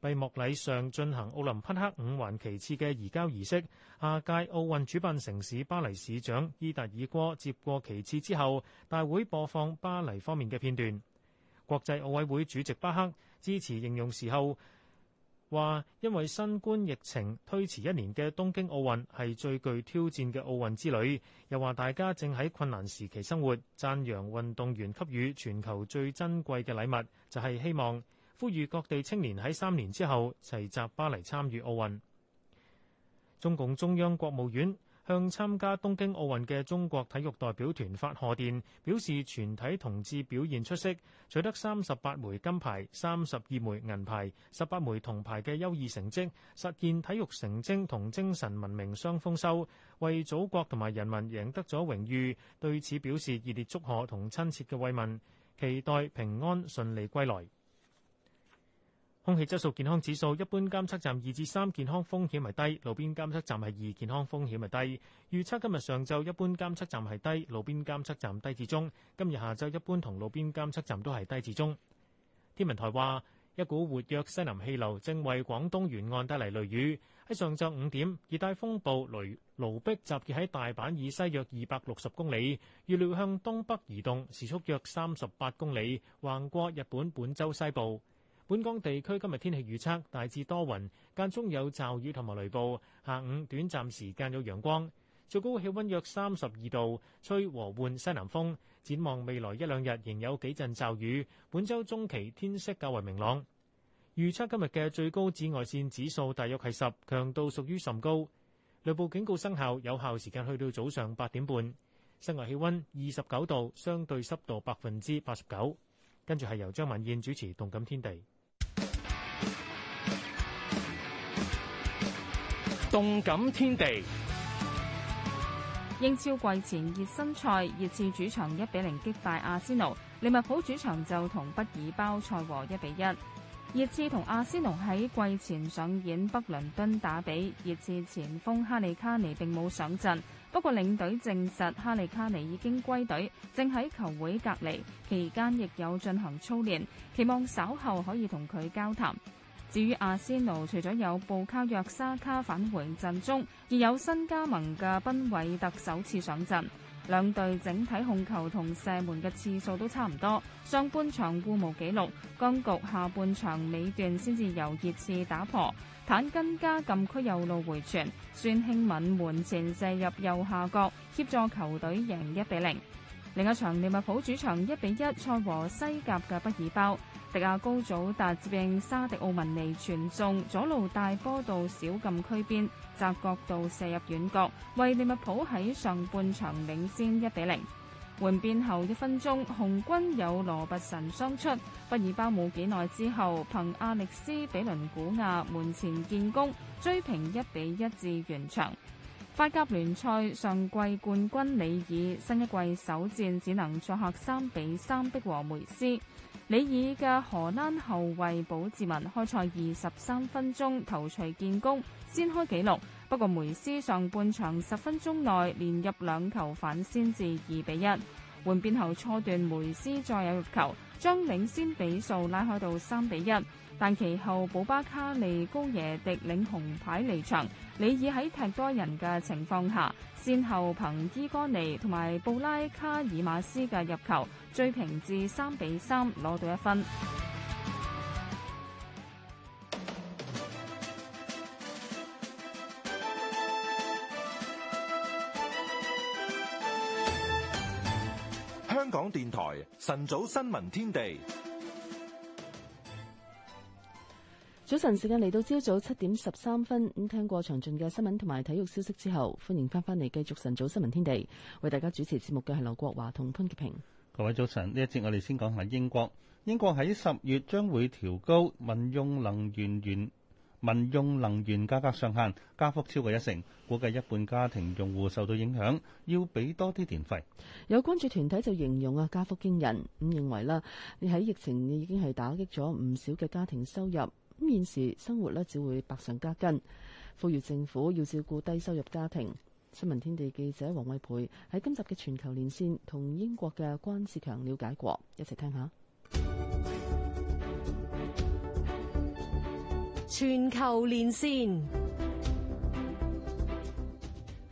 閉幕禮上進行奧林匹克五環旗幟嘅移交儀式。下屆奧運主辦城市巴黎市長伊達爾戈接過旗幟之後，大會播放巴黎方面嘅片段。國際奧委會主席巴克支持應用時候，話因為新冠疫情推遲一年嘅東京奧運係最具挑戰嘅奧運之旅，又話大家正喺困難時期生活，讚揚運動員給予全球最珍貴嘅禮物就係希望，呼籲各地青年喺三年之後齊集巴黎參與奧運。中共中央國務院向參加東京奧運嘅中國體育代表團發賀電，表示全體同志表現出色，取得三十八枚金牌、三十二枚銀牌、十八枚銅牌嘅優異成績，實現體育成績同精神文明雙豐收，為祖國同埋人民贏得咗榮譽，對此表示熱烈祝賀同親切嘅慰問，期待平安順利歸來。空氣質素健康指數，一般監測站二至三，健康風險係低，路邊監測站係二，健康風險係低。預測今日上晝一般監測站係低，路邊監測站低至中。今日下晝一般同路邊監測站都係低至中。天文台話，一股活躍西南氣流正為廣東沿岸帶嚟雷雨。喺上晝五點，熱帶風暴雷盧碧集結喺大阪以西約二百六十公里，預料向東北移動，時速約三十八公里，橫過日本本州西部。本港地區今日天氣預測，大致多雲間中有驟雨同埋雷暴。下午短暫時間有陽光，最高氣溫約三十二度，吹和緩西南風，展望未來一兩日，仍有幾陣驟雨。本週中期天色較為明朗。預測今日嘅最高紫外線指數大約係十，強度屬於甚高。雷暴警告生效，有效時間去到早上八點半。室外氣溫二十九度，相對濕度百分之八十九。跟住係由張文燕主持《動感天地》。動感天地，英超季前熱身賽，熱刺主場一比零擊敗阿仙奴，利物浦主場就同畢爾包賽和一比一。熱刺同阿仙奴喺季前上演北倫敦打比，熱刺前鋒哈利卡尼並冇上陣，不過領隊證實哈利卡尼已經歸隊，正喺球會隔離，期間亦有進行操練，期望稍後可以同佢交談。至於阿仙奴，除咗有布卡約沙卡返回陣中，亦有新加盟嘅賓惠特首次上陣。兩隊整體控球同射門嘅次數都差唔多，上半場互無紀錄，僵局下半場尾段先至由熱刺打破。坦根加禁區右路回傳，孫興敏門前射入右下角，協助球隊贏一比零。另一場利物浦主場一比一賽和西甲嘅畢爾包。迪亞高祖達接應沙迪奧文尼傳中，左路大波到小禁區邊，窄角度射入遠角，為利物浦喺上半場領先一比零。換邊後一分鐘，紅軍有羅拔臣雙出，不爾巴冇幾耐之後，憑阿歷斯比倫古亞門前建功，追平一比一至完場。法甲聯賽上季冠軍里爾，新一季首戰只能作客三比三逼和梅斯。里爾嘅荷蘭後衛保志文開賽二十三分鐘頭槌建功，先開紀錄。不過美斯上半場十分鐘內連入兩球反先至二比一。換邊後初段美斯再有入球，將領先比數拉開到三比一。但其後保巴卡尼高耶迪領紅牌離場，李爾喺踢多人嘅情況下，先後憑伊戈尼同埋布拉卡爾馬斯嘅入球，追平至三比三，攞到一分。香港電台晨早新聞天地。早晨時間嚟到，朝早七點十三分咁。聽過詳盡嘅新聞同埋體育消息之後，歡迎翻翻嚟繼續晨早新聞天地。為大家主持節目嘅係劉國華同潘潔平。各位早晨，呢一節我哋先講下英國。英國喺十月將會調高民用能源原民用能源價格上限，加幅超過一成，估計一半家庭用戶受到影響，要俾多啲電費。有關注團體就形容啊，加幅驚人咁，認為啦，你喺疫情已經係打擊咗唔少嘅家庭收入。咁現時生活咧，只會百上加斤，呼籲政府要照顧低收入家庭。新聞天地記者王偉培喺今集嘅全球連線同英國嘅關志強了解過，一齊聽下。全球連線，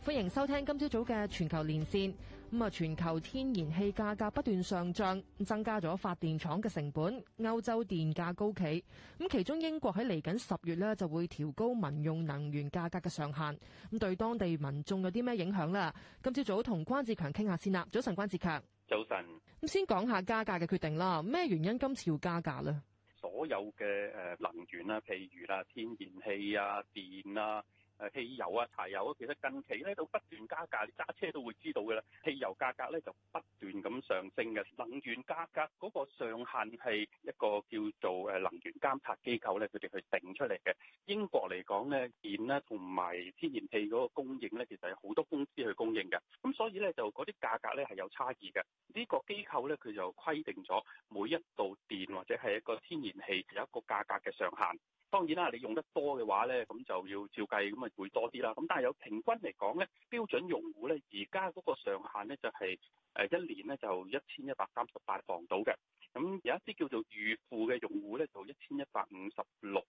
歡迎收聽今朝早嘅全球連線。咁啊，全球天然氣價格不斷上漲，增加咗發電廠嘅成本。歐洲電價高企，咁其中英國喺嚟緊十月咧就會調高民用能源價格嘅上限。咁對當地民眾有啲咩影響呢？今朝早同關志強傾下先啦。早晨，關志強。早晨。咁先講下加價嘅決定啦。咩原因今次要加價呢？所有嘅誒能源啦，譬如啦，天然氣啊，電啊。汽油啊、柴油啊，其實近期咧都不斷加價，你揸車都會知道嘅啦。汽油價格咧就不斷咁上升嘅。能源價格嗰個上限係一個叫做誒能源監察機構咧，佢哋去定出嚟嘅。英國嚟講咧，電咧同埋天然氣嗰個供應咧，其實係好多公司去供應嘅。咁所以咧就嗰啲價格咧係有差異嘅。呢、這個機構咧佢就規定咗每一度電或者係一個天然氣有一個價格嘅上限。當然啦，你用得多嘅話咧，咁就要照計，咁啊會多啲啦。咁但係有平均嚟講咧，標準用戶咧，而家嗰個上限咧就係誒一年咧就一千一百三十八房度嘅。咁有一啲叫做預付嘅用戶咧，就一千一百五十六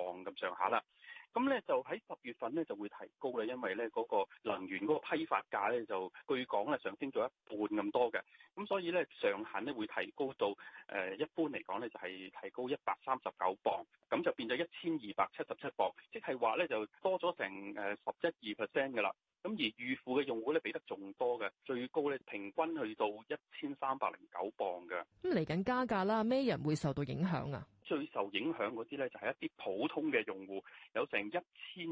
磅咁上下啦，咁咧就喺十月份咧就會提高啦，因為咧嗰個能源嗰個批發價咧就據講咧上升咗一半咁多嘅，咁所以咧上限咧會提高到誒一般嚟講咧就係提高一百三十九磅，咁就變咗一千二百七十七磅，即係話咧就多咗成誒十一二 percent 嘅啦。咁而預付嘅用戶咧，畀得仲多嘅，最高咧平均去到一千三百零九磅嘅。咁嚟緊加價啦，咩人會受到影響啊？最受影響嗰啲咧，就係一啲普通嘅用戶，有成一千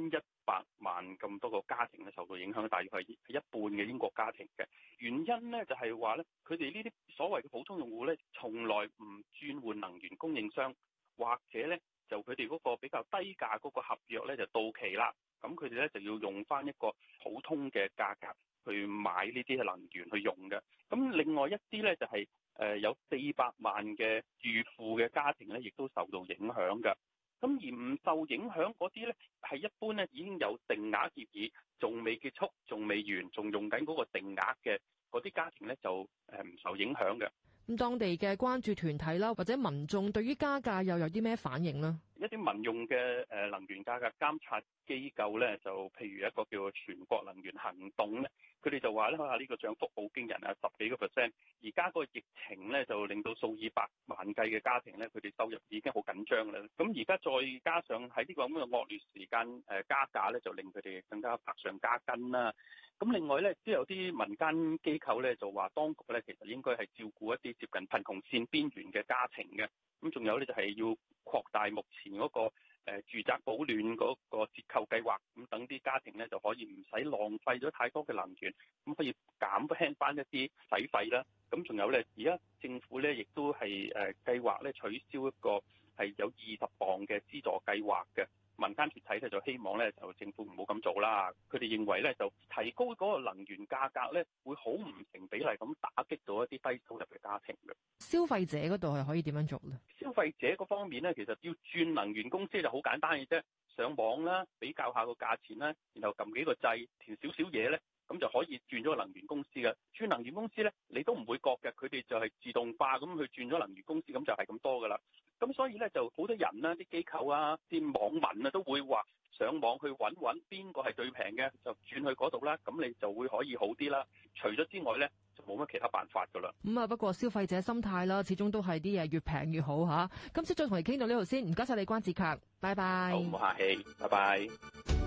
一百萬咁多個家庭咧受到影響，大約係一半嘅英國家庭嘅。原因咧就係話咧，佢哋呢啲所謂嘅普通用戶咧，從來唔轉換能源供應商，或者咧就佢哋嗰個比較低價嗰個合約咧就到期啦。咁佢哋咧就要用翻一個普通嘅價格去買呢啲能源去用嘅。咁另外一啲呢，就係、是、誒有四百萬嘅住戶嘅家庭呢，亦都受到影響嘅。咁而唔受影響嗰啲呢，係一般呢已經有定額協議，仲未結束，仲未完，仲用緊嗰個定額嘅嗰啲家庭呢，就誒唔受影響嘅。咁當地嘅關注團體啦，或者民眾對於加價又有啲咩反應呢？一啲民用嘅誒能源價格監察機構咧，就譬如一個叫全國能源行動咧，佢哋就話咧啊，呢個漲幅好驚人啊，十幾個 percent。而家個疫情咧就令到數以百萬計嘅家庭咧，佢哋收入已經好緊張啦。咁而家再加上喺呢個咁嘅惡劣時間誒加價咧，就令佢哋更加百上加斤啦。咁另外咧，都有啲民間機構咧就話，當局咧其實應該係照顧一啲接近貧窮線邊緣嘅家庭嘅。咁仲有咧就係要擴大目前嗰個、呃、住宅保暖嗰個折扣計劃，咁等啲家庭咧就可以唔使浪費咗太多嘅能源，咁可以減輕翻一啲使費啦。咁仲有咧，而家政府咧亦都係呃、計劃咧取消一個係有二十磅嘅資助計劃嘅。民間團體咧就希望咧就政府唔好咁做啦，佢哋認為咧就提高嗰個能源價格咧會好唔成比例咁打擊到一啲低收入嘅家庭嘅。消費者嗰度係可以點樣做咧？消費者嗰方面咧其實要轉能源公司就好簡單嘅啫，上網啦比較下個價錢啦，然後撳幾個掣填少少嘢咧，咁就可以轉咗個能源公司嘅。轉能源公司咧你都唔會覺嘅，佢哋就係自動化咁去轉咗能源公司，咁就係咁多噶啦。咁所以咧就好多人啦、啲機構啊、啲網民啊都會話上網去揾揾邊個係最平嘅，就轉去嗰度啦。咁你就會可以好啲啦。除咗之外咧，就冇乜其他辦法噶啦。咁、嗯、啊，不過消費者心態啦，始終都係啲嘢越平越好吓，咁、啊、今次再同你傾到呢度先，唔該晒你，關志強，拜拜。好，唔好客氣，拜拜。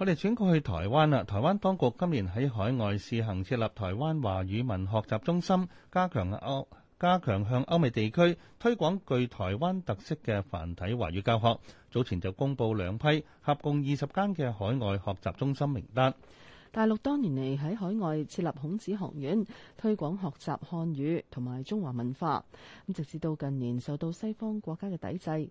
我哋轉過去台灣啦。台灣當局今年喺海外試行設立台灣華語文學習中心，加強歐加強向歐美地區推廣具台灣特色嘅繁體華語教學。早前就公布兩批，合共二十間嘅海外學習中心名單。大陸當年嚟喺海外設立孔子學院，推廣學習漢語同埋中華文化。咁直至到近年受到西方國家嘅抵制。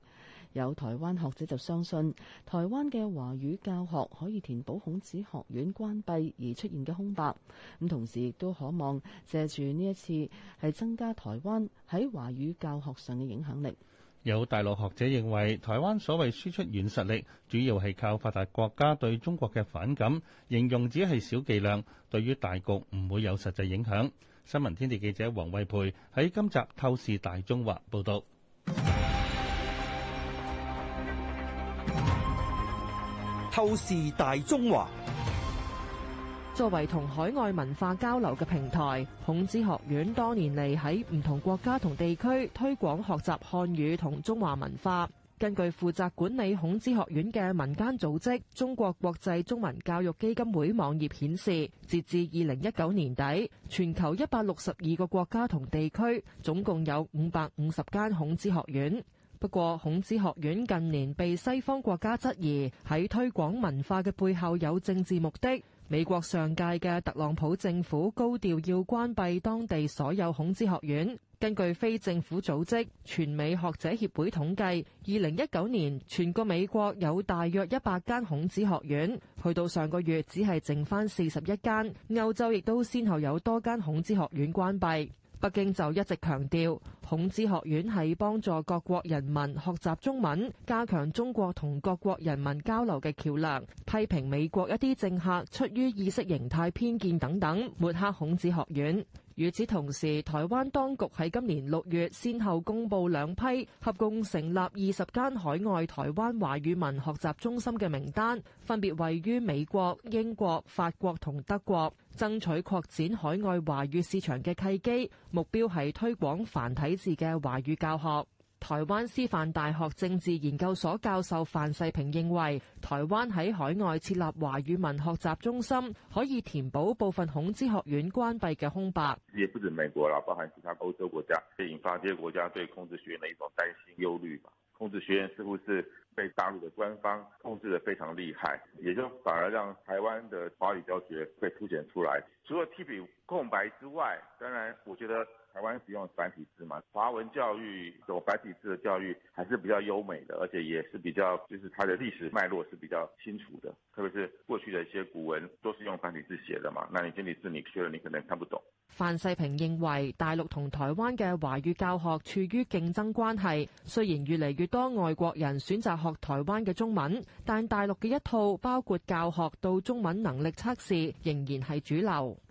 有台灣學者就相信，台灣嘅華語教學可以填補孔子學院關閉而出現嘅空白，咁同時亦都渴望借住呢一次係增加台灣喺華語教學上嘅影響力。有大陸學者認為，台灣所謂輸出軟實力，主要係靠發達國家對中國嘅反感，形容只係小伎倆，對於大局唔會有實際影響。新聞天地記者黃惠培喺今集透視大中華報導。透視大中華。作為同海外文化交流嘅平台，孔子學院多年嚟喺唔同國家同地區推廣學習漢語同中華文化。根據負責管理孔子學院嘅民間組織——中國國際中文教育基金會網頁顯示，截至二零一九年底，全球一百六十二個國家同地區總共有五百五十間孔子學院。不過，孔子學院近年被西方國家質疑，喺推廣文化嘅背後有政治目的。美國上屆嘅特朗普政府高調要關閉當地所有孔子學院。根據非政府組織全美學者協會統計，2019年全個美國有大約一百間孔子學院，去到上個月只係剩返四十一間。歐洲亦都先後有多間孔子學院關閉。北京就一直強調，孔子學院係幫助各國人民學習中文、加強中國同各國人民交流嘅橋樑，批評美國一啲政客出於意識形態偏見等等，抹黑孔子學院。與此同時，台灣當局喺今年六月，先後公布兩批，合共成立二十間海外台灣華語文學習中心嘅名單，分別位於美國、英國、法國同德國，爭取擴展海外華語市場嘅契機，目標係推廣繁體字嘅華語教學。台灣師範大學政治研究所教授范世平認為，台灣喺海外設立華語文學習中心，可以填補部分孔子學院關閉嘅空白。也不止美國啦，包含其他歐洲國家，都引發啲國家對孔子學院嘅一種擔心憂慮。孔子學院似乎是被大陸的官方控制得非常厲害，也就反而讓台灣的華語教學被凸顯出來。除了填補空白之外，當然，我覺得。台灣使用繁體字嘛，華文教育用繁體字的教育，還是比較優美的，而且也是比較，就是它的歷史脈絡是比較清楚的。特別是過去的一些古文，都是用繁體字寫的嘛，那你簡體字你學了，你可能看不懂。范世平認為，大陸同台灣嘅華語教學處於競爭關係。雖然越嚟越多外國人選擇學台灣嘅中文，但大陸嘅一套包括教學到中文能力測試，仍然係主流。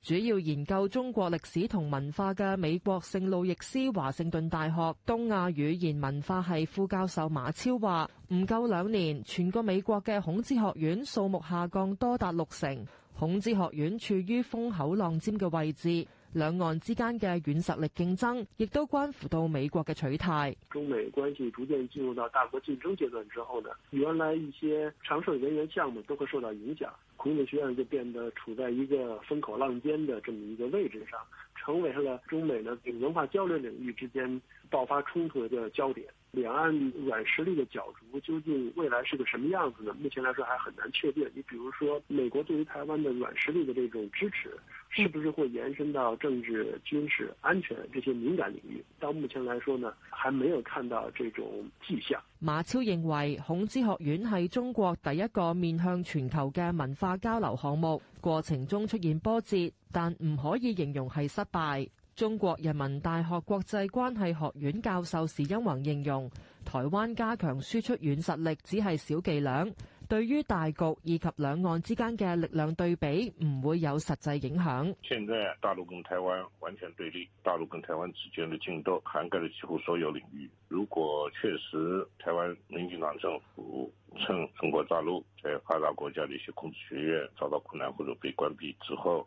主要研究中國歷史同文化嘅美國聖路易斯華盛頓大學東亞語言文化系副教授馬超話：唔夠兩年，全個美國嘅孔子學院數目下降多達六成，孔子學院處於風口浪尖嘅位置。兩岸之間嘅軟實力競爭亦都關乎到美國嘅取態。中美關係逐漸進入到大國競爭階段之後呢，原來一些常設人員項目都會受到影響，孔子學院就變得處在一個風口浪尖的這麼一個位置上，成為了中美呢個文化交流領域之間爆發衝突嘅焦點。兩岸軟實力嘅角逐，究竟未來是個什麼樣子呢？目前來說還很難確定。你比如說，美國對於台灣嘅軟實力嘅這種支持。是不是會延伸到政治、軍事、安全這些敏感領域？到目前來說呢，還沒有看到這種跡象。馬超認為，孔子學院係中國第一個面向全球嘅文化交流項目，過程中出現波折，但唔可以形容係失敗。中國人民大學國際關係學院教授時殷弘形容，台灣加強輸出軟實力只係小伎倆。對於大局以及兩岸之間嘅力量對比，唔會有實際影響。現在大陸跟台灣完全對立，大陸跟台灣之間的競爭涵蓋了幾乎所有領域。如果確實台灣民進黨政府趁中國大陸在發達國家的一些控制學院遭到困難或者被關閉之後，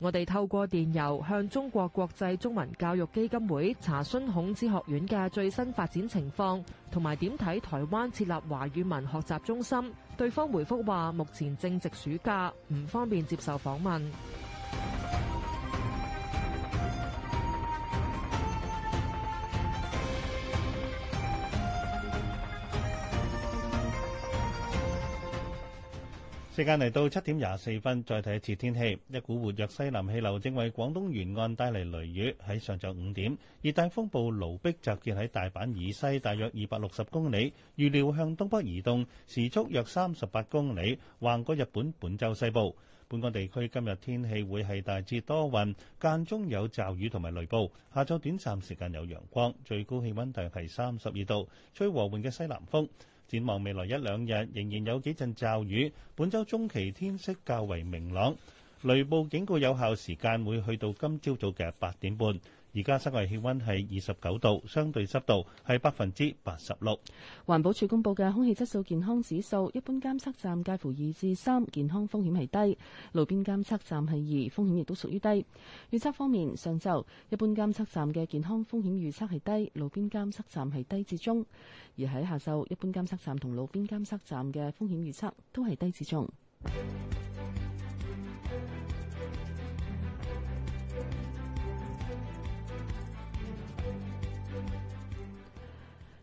我哋透過電郵向中國國際中文教育基金會查詢孔子學院嘅最新發展情況，同埋點睇台灣設立華語文學習中心。對方回覆話：目前正值暑假，唔方便接受訪問。時間嚟到七點廿四分，再睇一次天氣。一股活躍西南氣流正為廣東沿岸帶嚟雷雨。喺上晝五點，熱帶風暴盧碧集結喺大阪以西大約二百六十公里，預料向東北移動，時速約三十八公里，橫過日本本州西部。本港地區今日天，天氣會係大致多雲，間中有驟雨同埋雷暴，下晝短暫時間有陽光，最高氣温大約係三十二度，吹和緩嘅西南風。展望未來一兩日，仍然有幾陣驟雨。本周中期天色較為明朗，雷暴警告有效時間會去到今朝早嘅八點半。而家室外氣溫係二十九度，相對濕度係百分之八十六。環保署公布嘅空氣質素健康指數，一般監測站介乎二至三，健康風險係低；路邊監測站係二，風險亦都屬於低。預測方面，上晝一般監測站嘅健康風險預測係低，路邊監測站係低至中；而喺下晝，一般監測站同路邊監測站嘅風險預測都係低至中。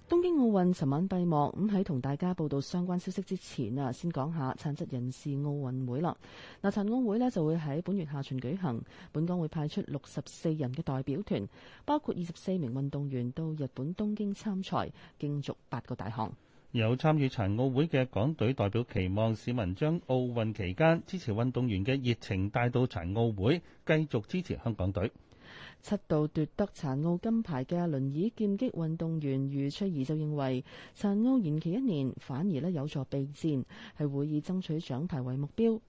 東京奧運尋晚閉幕，咁喺同大家報道相關消息之前啊，先講下殘疾人士奧運會啦。嗱，殘奧會咧就會喺本月下旬舉行，本港會派出六十四人嘅代表團，包括二十四名運動員到日本東京參賽，競逐八個大項。有參與殘奧會嘅港隊代表期望市民將奧運期間支持運動員嘅熱情帶到殘奧會，繼續支持香港隊。七度奪得殘奧金牌嘅輪椅劍擊運動員余翠怡就認為殘奧延期一年反而咧有助備戰，係會以爭取獎牌為目標。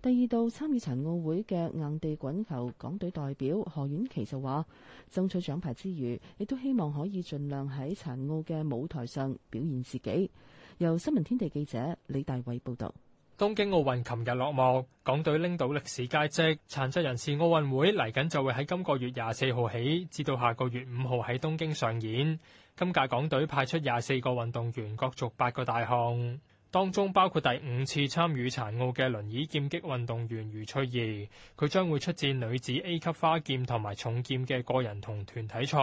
第二度參與殘奧會嘅硬地滾球港隊代表何婉琪就話，爭取獎牌之餘，亦都希望可以盡量喺殘奧嘅舞台上表現自己。由新聞天地記者李大偉報道。東京奧運琴日落幕，港隊拎到歷史佳績。殘障殘疾人士奧運會嚟緊就會喺今個月廿四號起，至到下個月五號喺東京上演。今屆港隊派出廿四個運動員，角逐八個大項，當中包括第五次參與殘奧嘅輪椅劍擊運動員余翠怡，佢將會出戰女子 A 級花劍同埋重劍嘅個人同團體賽。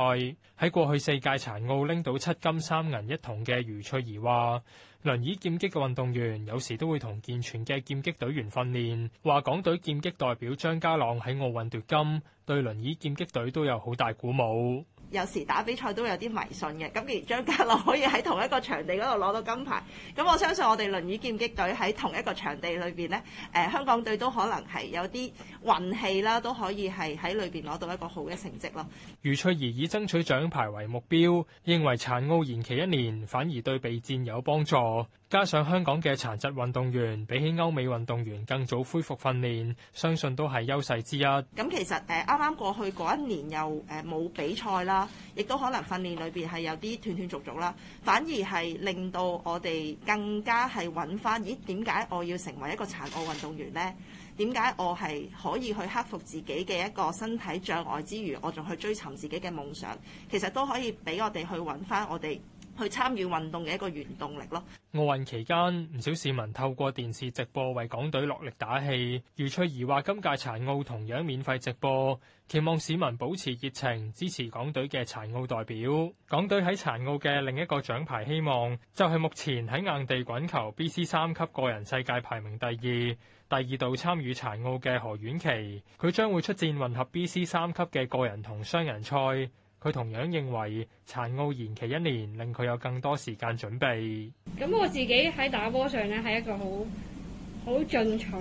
喺過去四屆殘奧拎到七金三銀一銅嘅余翠怡話。輪椅劍擊嘅運動員有時都會同健全嘅劍擊隊員訓練。話港隊劍擊代表張家朗喺奧運奪金，對輪椅劍擊隊都有好大鼓舞。有時打比賽都有啲迷信嘅，咁既然張家朗可以喺同一個場地嗰度攞到金牌，咁我相信我哋輪椅劍擊隊喺同一個場地裏邊呢，誒，香港隊都可能係有啲運氣啦，都可以係喺裏邊攞到一個好嘅成績咯。余翠怡以爭取獎牌為目標，認為殘奧延期一年反而對備戰有幫助。加上香港嘅殘疾運動員，比起歐美運動員更早恢復訓練，相信都係優勢之一。咁其實誒，啱啱過去嗰一年又誒冇比賽啦，亦都可能訓練裏面係有啲斷斷續續啦，反而係令到我哋更加係揾翻，咦？點解我要成為一個殘奧運動員呢？點解我係可以去克服自己嘅一個身體障礙之餘，我仲去追尋自己嘅夢想？其實都可以俾我哋去揾翻我哋。去參與運動嘅一個原動力咯。奧運期間，唔少市民透過電視直播為港隊落力打氣。余翠怡話：今屆殘奧同樣免費直播，期望市民保持熱情支持港隊嘅殘奧代表。港隊喺殘奧嘅另一個獎牌希望，就係、是、目前喺硬地滾球 BC 三級個人世界排名第二。第二度參與殘奧嘅何婉琪，佢將會出戰混合 BC 三級嘅個人同雙人賽。佢同樣認為殘奧延期一年，令佢有更多時間準備。咁我自己喺打波上咧，係一個好好進取、誒、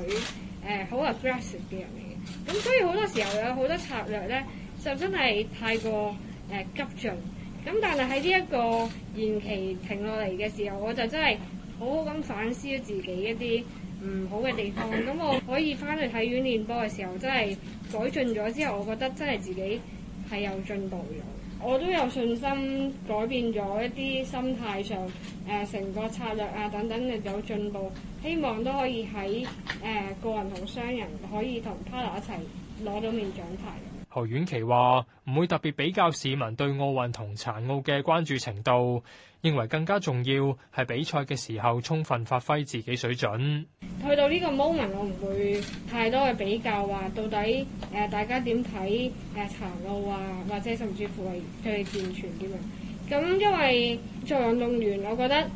呃、好 aggressive 嘅人嚟嘅。咁所以好多時候有好多策略咧，就真係太過誒、呃、急進。咁但係喺呢一個延期停落嚟嘅時候，我就真係好好咁反思咗自己一啲唔好嘅地方。咁我可以翻去體院練波嘅時候，真係改進咗之後，我覺得真係自己係有進步咗。我都有信心改變咗一啲心態上，誒、呃、成個策略啊，等等嘅有進步，希望都可以喺誒、呃、個人同商人可以同 partner 一齊，攞到面獎牌。何婉琪話唔會特別比較市民對奧運同殘奧嘅關注程度，認為更加重要係比賽嘅時候充分發揮自己水準。去到呢個 moment，我唔會太多嘅比較，話到底誒大家點睇誒殘奧啊，或者甚至乎係最健全啲樣咁。因為做運動員，我覺得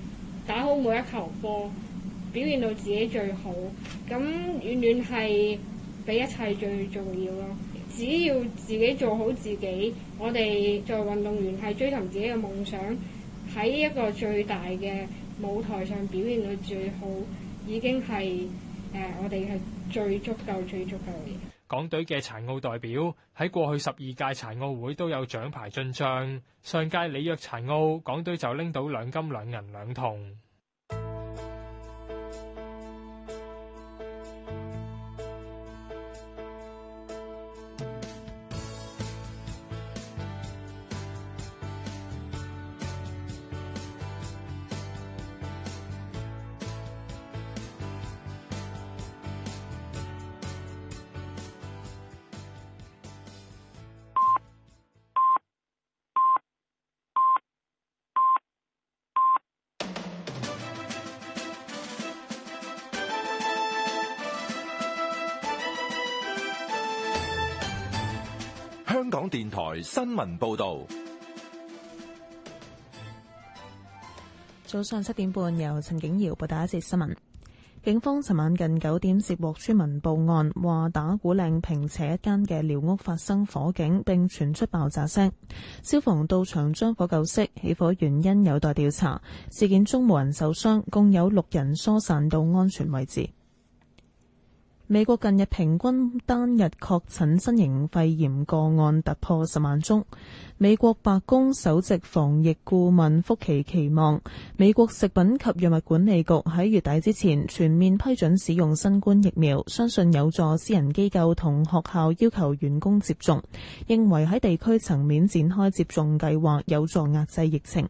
打好每一球波，表現到自己最好，咁遠遠係比一切最重要咯。只要自己做好自己，我哋做運動員係追尋自己嘅夢想，喺一個最大嘅舞台上表現到最好，已經係誒、呃、我哋係最足夠最足夠嘅。港隊嘅殘奧代表喺過去十二屆殘奧會都有獎牌進賬，上屆里約殘奧港隊就拎到兩金兩銀兩銅。新聞報道，早上七點半，由陳景瑤報道一節新聞。警方尋晚近九點接獲村民報案，話打鼓嶺平斜一間嘅寮屋發生火警，並傳出爆炸聲。消防到場將火救熄，起火原因有待調查。事件中無人受傷，共有六人疏散到安全位置。美國近日平均單日確診新型肺炎個案突破十萬宗。美國白宮首席防疫顧問福奇期望，美國食品及藥物管理局喺月底之前全面批准使用新冠疫苗，相信有助私人機構同學校要求員工接種，認為喺地區層面展開接種計劃有助壓制疫情。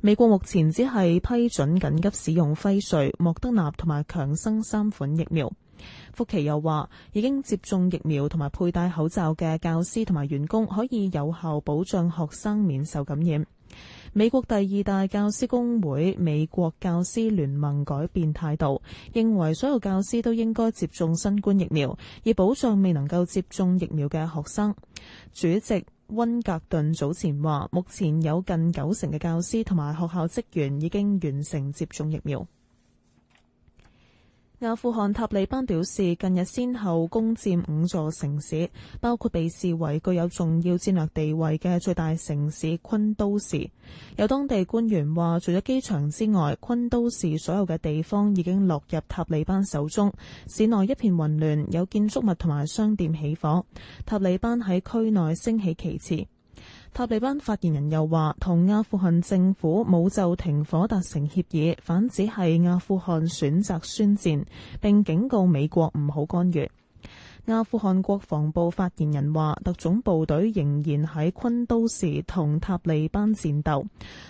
美國目前只係批准緊急使用輝瑞、莫德納同埋強生三款疫苗。福奇又話，已經接種疫苗同埋佩戴口罩嘅教師同埋員工，可以有效保障學生免受感染。美國第二大教師工會，美國教師聯盟改變態度，認為所有教師都應該接種新冠疫苗，以保障未能夠接種疫苗嘅學生。主席溫格頓早前話，目前有近九成嘅教師同埋學校職員已經完成接種疫苗。阿富汗塔利班表示，近日先後攻佔五座城市，包括被視為具有重要戰略地位嘅最大城市昆都士。有當地官員話，除咗機場之外，昆都士所有嘅地方已經落入塔利班手中，市內一片混亂，有建築物同埋商店起火。塔利班喺區內升起旗幟。塔利班發言人又話，同阿富汗政府冇就停火達成協議，反指係阿富汗選擇宣戰。並警告美國唔好干預。阿富汗國防部發言人話，特種部隊仍然喺昆都士同塔利班戰鬥。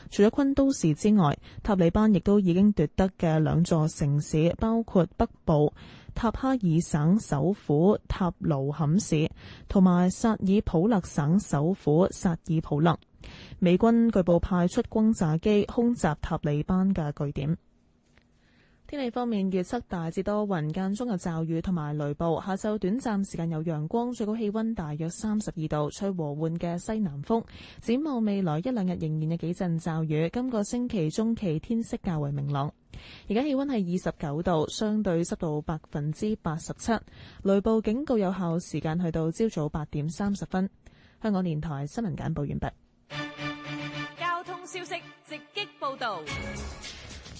除咗昆都士之外，塔利班亦都已經奪得嘅兩座城市，包括北部塔哈爾省首府塔盧坎市，同埋薩爾普勒省首府薩爾普勒，美軍據報派出轟炸機空襲塔利班嘅據點。天氣方面，預測大致多雲，間中有驟雨同埋雷暴。下晝短暫時間有陽光，最高氣溫大約三十二度，吹和緩嘅西南風。展望未來一兩日仍然有幾陣驟雨。今個星期中期天色較為明朗。而家氣溫係二十九度，相對濕度百分之八十七。雷暴警告有效時間去到朝早八點三十分。香港電台新聞簡報完畢。交通消息直擊報道。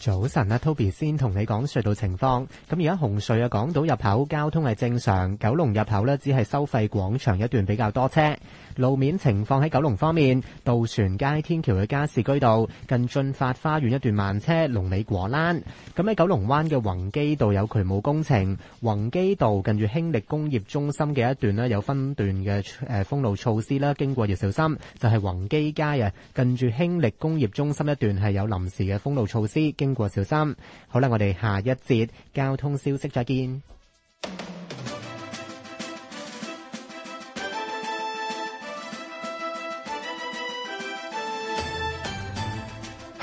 早晨啊，Toby 先同你講隧道情況。咁而家紅隧嘅港島入口交通係正常，九龍入口咧只係收費廣場一段比較多車。路面情況喺九龍方面，渡船街天橋嘅加士居道近駿發花園一段慢車，龍尾果欄。咁喺九龍灣嘅宏基道有渠務工程，宏基道近住興力工業中心嘅一段呢，有分段嘅誒封路措施啦。經過要小心，就係、是、宏基街啊，近住興力工業中心一段係有臨時嘅封路措施，經過小心。好啦，我哋下一節交通消息再見。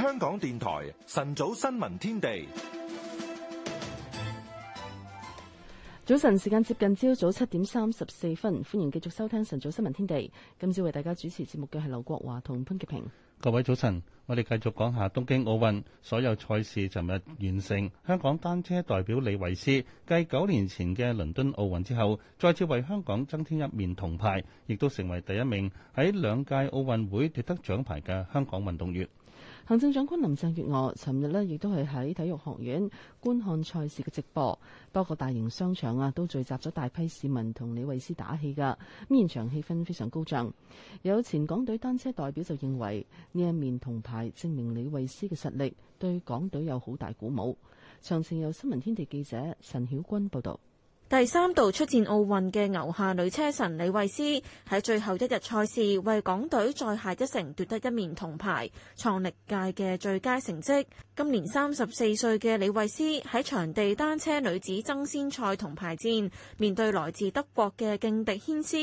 香港電台晨早新聞天地，早晨時間接近朝早七點三十四分，歡迎繼續收聽晨早新聞天地。今朝為大家主持節目嘅係劉國華同潘潔平。各位早晨，我哋繼續講下東京奧運所有賽事尋日完成，香港單車代表李維斯，繼九年前嘅倫敦奧運之後，再次為香港增添一面銅牌，亦都成為第一名喺兩屆奧運會奪得獎牌嘅香港運動員。行政長官林鄭月娥尋日亦都係喺體育學院觀看賽事嘅直播。多個大型商場啊，都聚集咗大批市民同李慧詩打氣噶。咁現場氣氛非常高漲。有前港隊單車代表就認為，呢一面銅牌證明李慧詩嘅實力，對港隊有好大鼓舞。詳情由新聞天地記者陳曉君報道。第三度出戰奧運嘅牛下女車神李慧詩喺最後一日賽事為港隊再下一城奪得一面銅牌，創歷屆嘅最佳成績。今年三十四歲嘅李慧詩喺場地單車女子爭先賽銅牌戰面對來自德國嘅勁敵軒斯，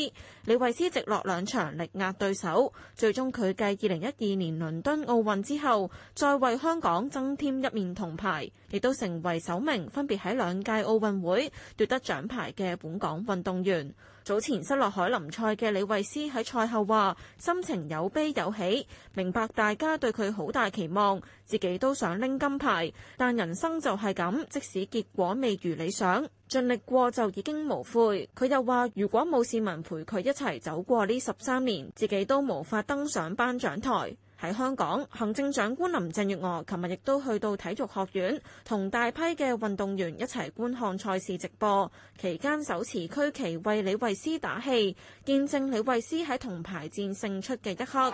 李慧詩直落兩場力壓對手，最終佢繼二零一二年倫敦奧運之後再為香港增添一面銅牌，亦都成為首名分別喺兩屆奧運會奪得獎獎牌嘅本港運動員，早前失落海林賽嘅李慧詩喺賽後話，心情有悲有喜，明白大家對佢好大期望，自己都想拎金牌，但人生就係咁，即使結果未如理想，盡力過就已經無悔。佢又話，如果冇市民陪佢一齊走過呢十三年，自己都無法登上頒獎台。喺香港，行政長官林鄭月娥琴日亦都去到體育學院，同大批嘅運動員一齊觀看賽事直播，期間手持區旗為李慧詩打氣，見證李慧詩喺銅牌戰勝出嘅一刻。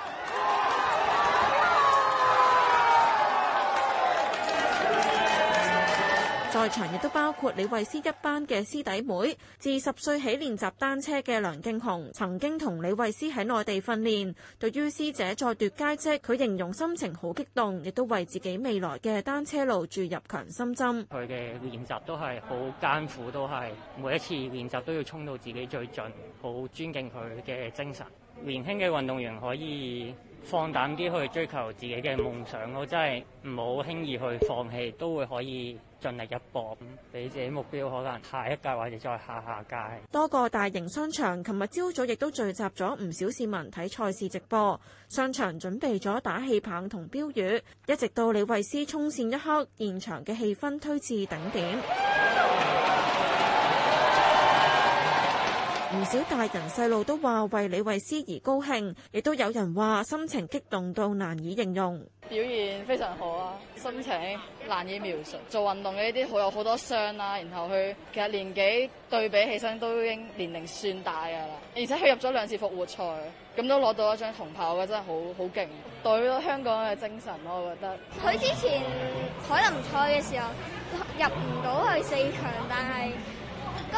在場亦都包括李慧詩一班嘅師弟妹，自十歲起練習單車嘅梁敬雄，曾經同李慧詩喺內地訓練。對於師姐再奪佳績，佢形容心情好激動，亦都為自己未來嘅單車路注入強心針。佢嘅練習都係好艱苦，都係每一次練習都要衝到自己最盡，好尊敬佢嘅精神。年輕嘅運動員可以放膽啲去追求自己嘅夢想咯，我真係唔好輕易去放棄，都會可以。盡力一搏，俾自己目標可能下一屆或者再下下屆。多個大型商場，琴日朝早亦都聚集咗唔少市民睇賽事直播。商場準備咗打氣棒同標語，一直到李慧詩衝線一刻，現場嘅氣氛推至頂點。唔少大人細路都話為李慧詩而高興，亦都有人話心情激動到難以形容。表現非常好啊，心情難以描述。做運動嘅呢啲好有好多傷啦，然後佢其實年紀對比起身都已經年齡算大噶啦，而且佢入咗兩次復活賽，咁都攞到一張銅牌，我覺得真係好好勁，代表香港嘅精神咯，我覺得。佢之前海南賽嘅時候入唔到去四強，但係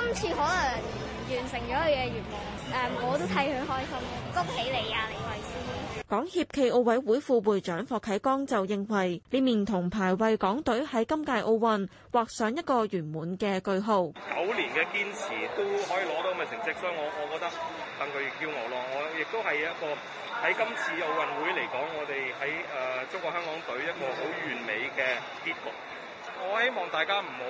今次可能。完成咗佢嘅願望，誒我都替佢開心，恭喜你啊，李慧詩！港協暨奧委會副會長霍啟剛就認為呢面銅牌為港隊喺今屆奧運畫上一個圓滿嘅句號。九年嘅堅持都可以攞到咁嘅成績，所以我我覺得等佢驕傲囉，我亦都係一個喺今次奧運會嚟講，我哋喺誒中國香港隊一個好完美嘅結局。我希望大家唔好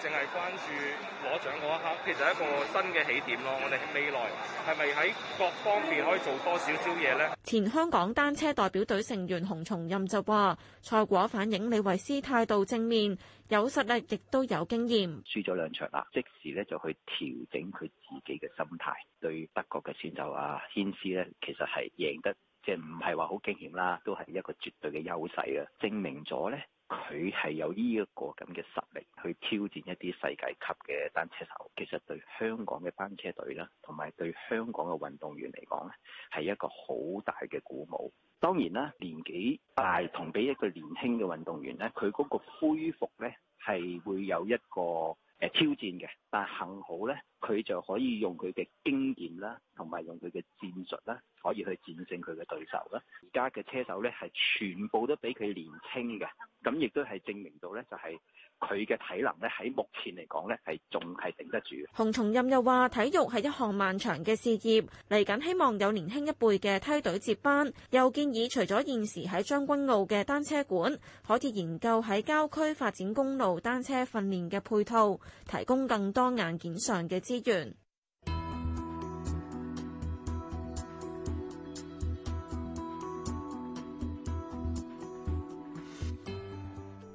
淨係關注攞獎嗰一刻，其實一個新嘅起點咯。我哋未來係咪喺各方面可以做多少少嘢呢？前香港單車代表隊成員洪松蔭就話：賽果反映李維斯態度正面，有實力亦都有經驗。輸咗兩場啦，即時咧就去調整佢自己嘅心態。對德國嘅選手啊，軒斯呢其實係贏得即係唔係話好驚險啦，都係一個絕對嘅優勢啊！證明咗呢。佢係有呢一個咁嘅實力去挑戰一啲世界級嘅單車手，其實對香港嘅單車隊啦，同埋對香港嘅運動員嚟講呢，係一個好大嘅鼓舞。當然啦，年紀大同比一個年輕嘅運動員呢，佢嗰個恢復呢，係會有一個。誒，挑戰嘅，但係幸好呢，佢就可以用佢嘅經驗啦，同埋用佢嘅戰術啦，可以去戰勝佢嘅對手啦。而家嘅車手呢，係全部都比佢年輕嘅，咁亦都係證明到呢，就係、是。佢嘅體能咧，喺目前嚟講咧，係仲係頂得住。洪松蔭又話：體育係一項漫長嘅事業，嚟緊希望有年輕一輩嘅梯隊接班。又建議除咗現時喺將軍澳嘅單車館，可以研究喺郊區發展公路單車訓練嘅配套，提供更多硬件上嘅資源。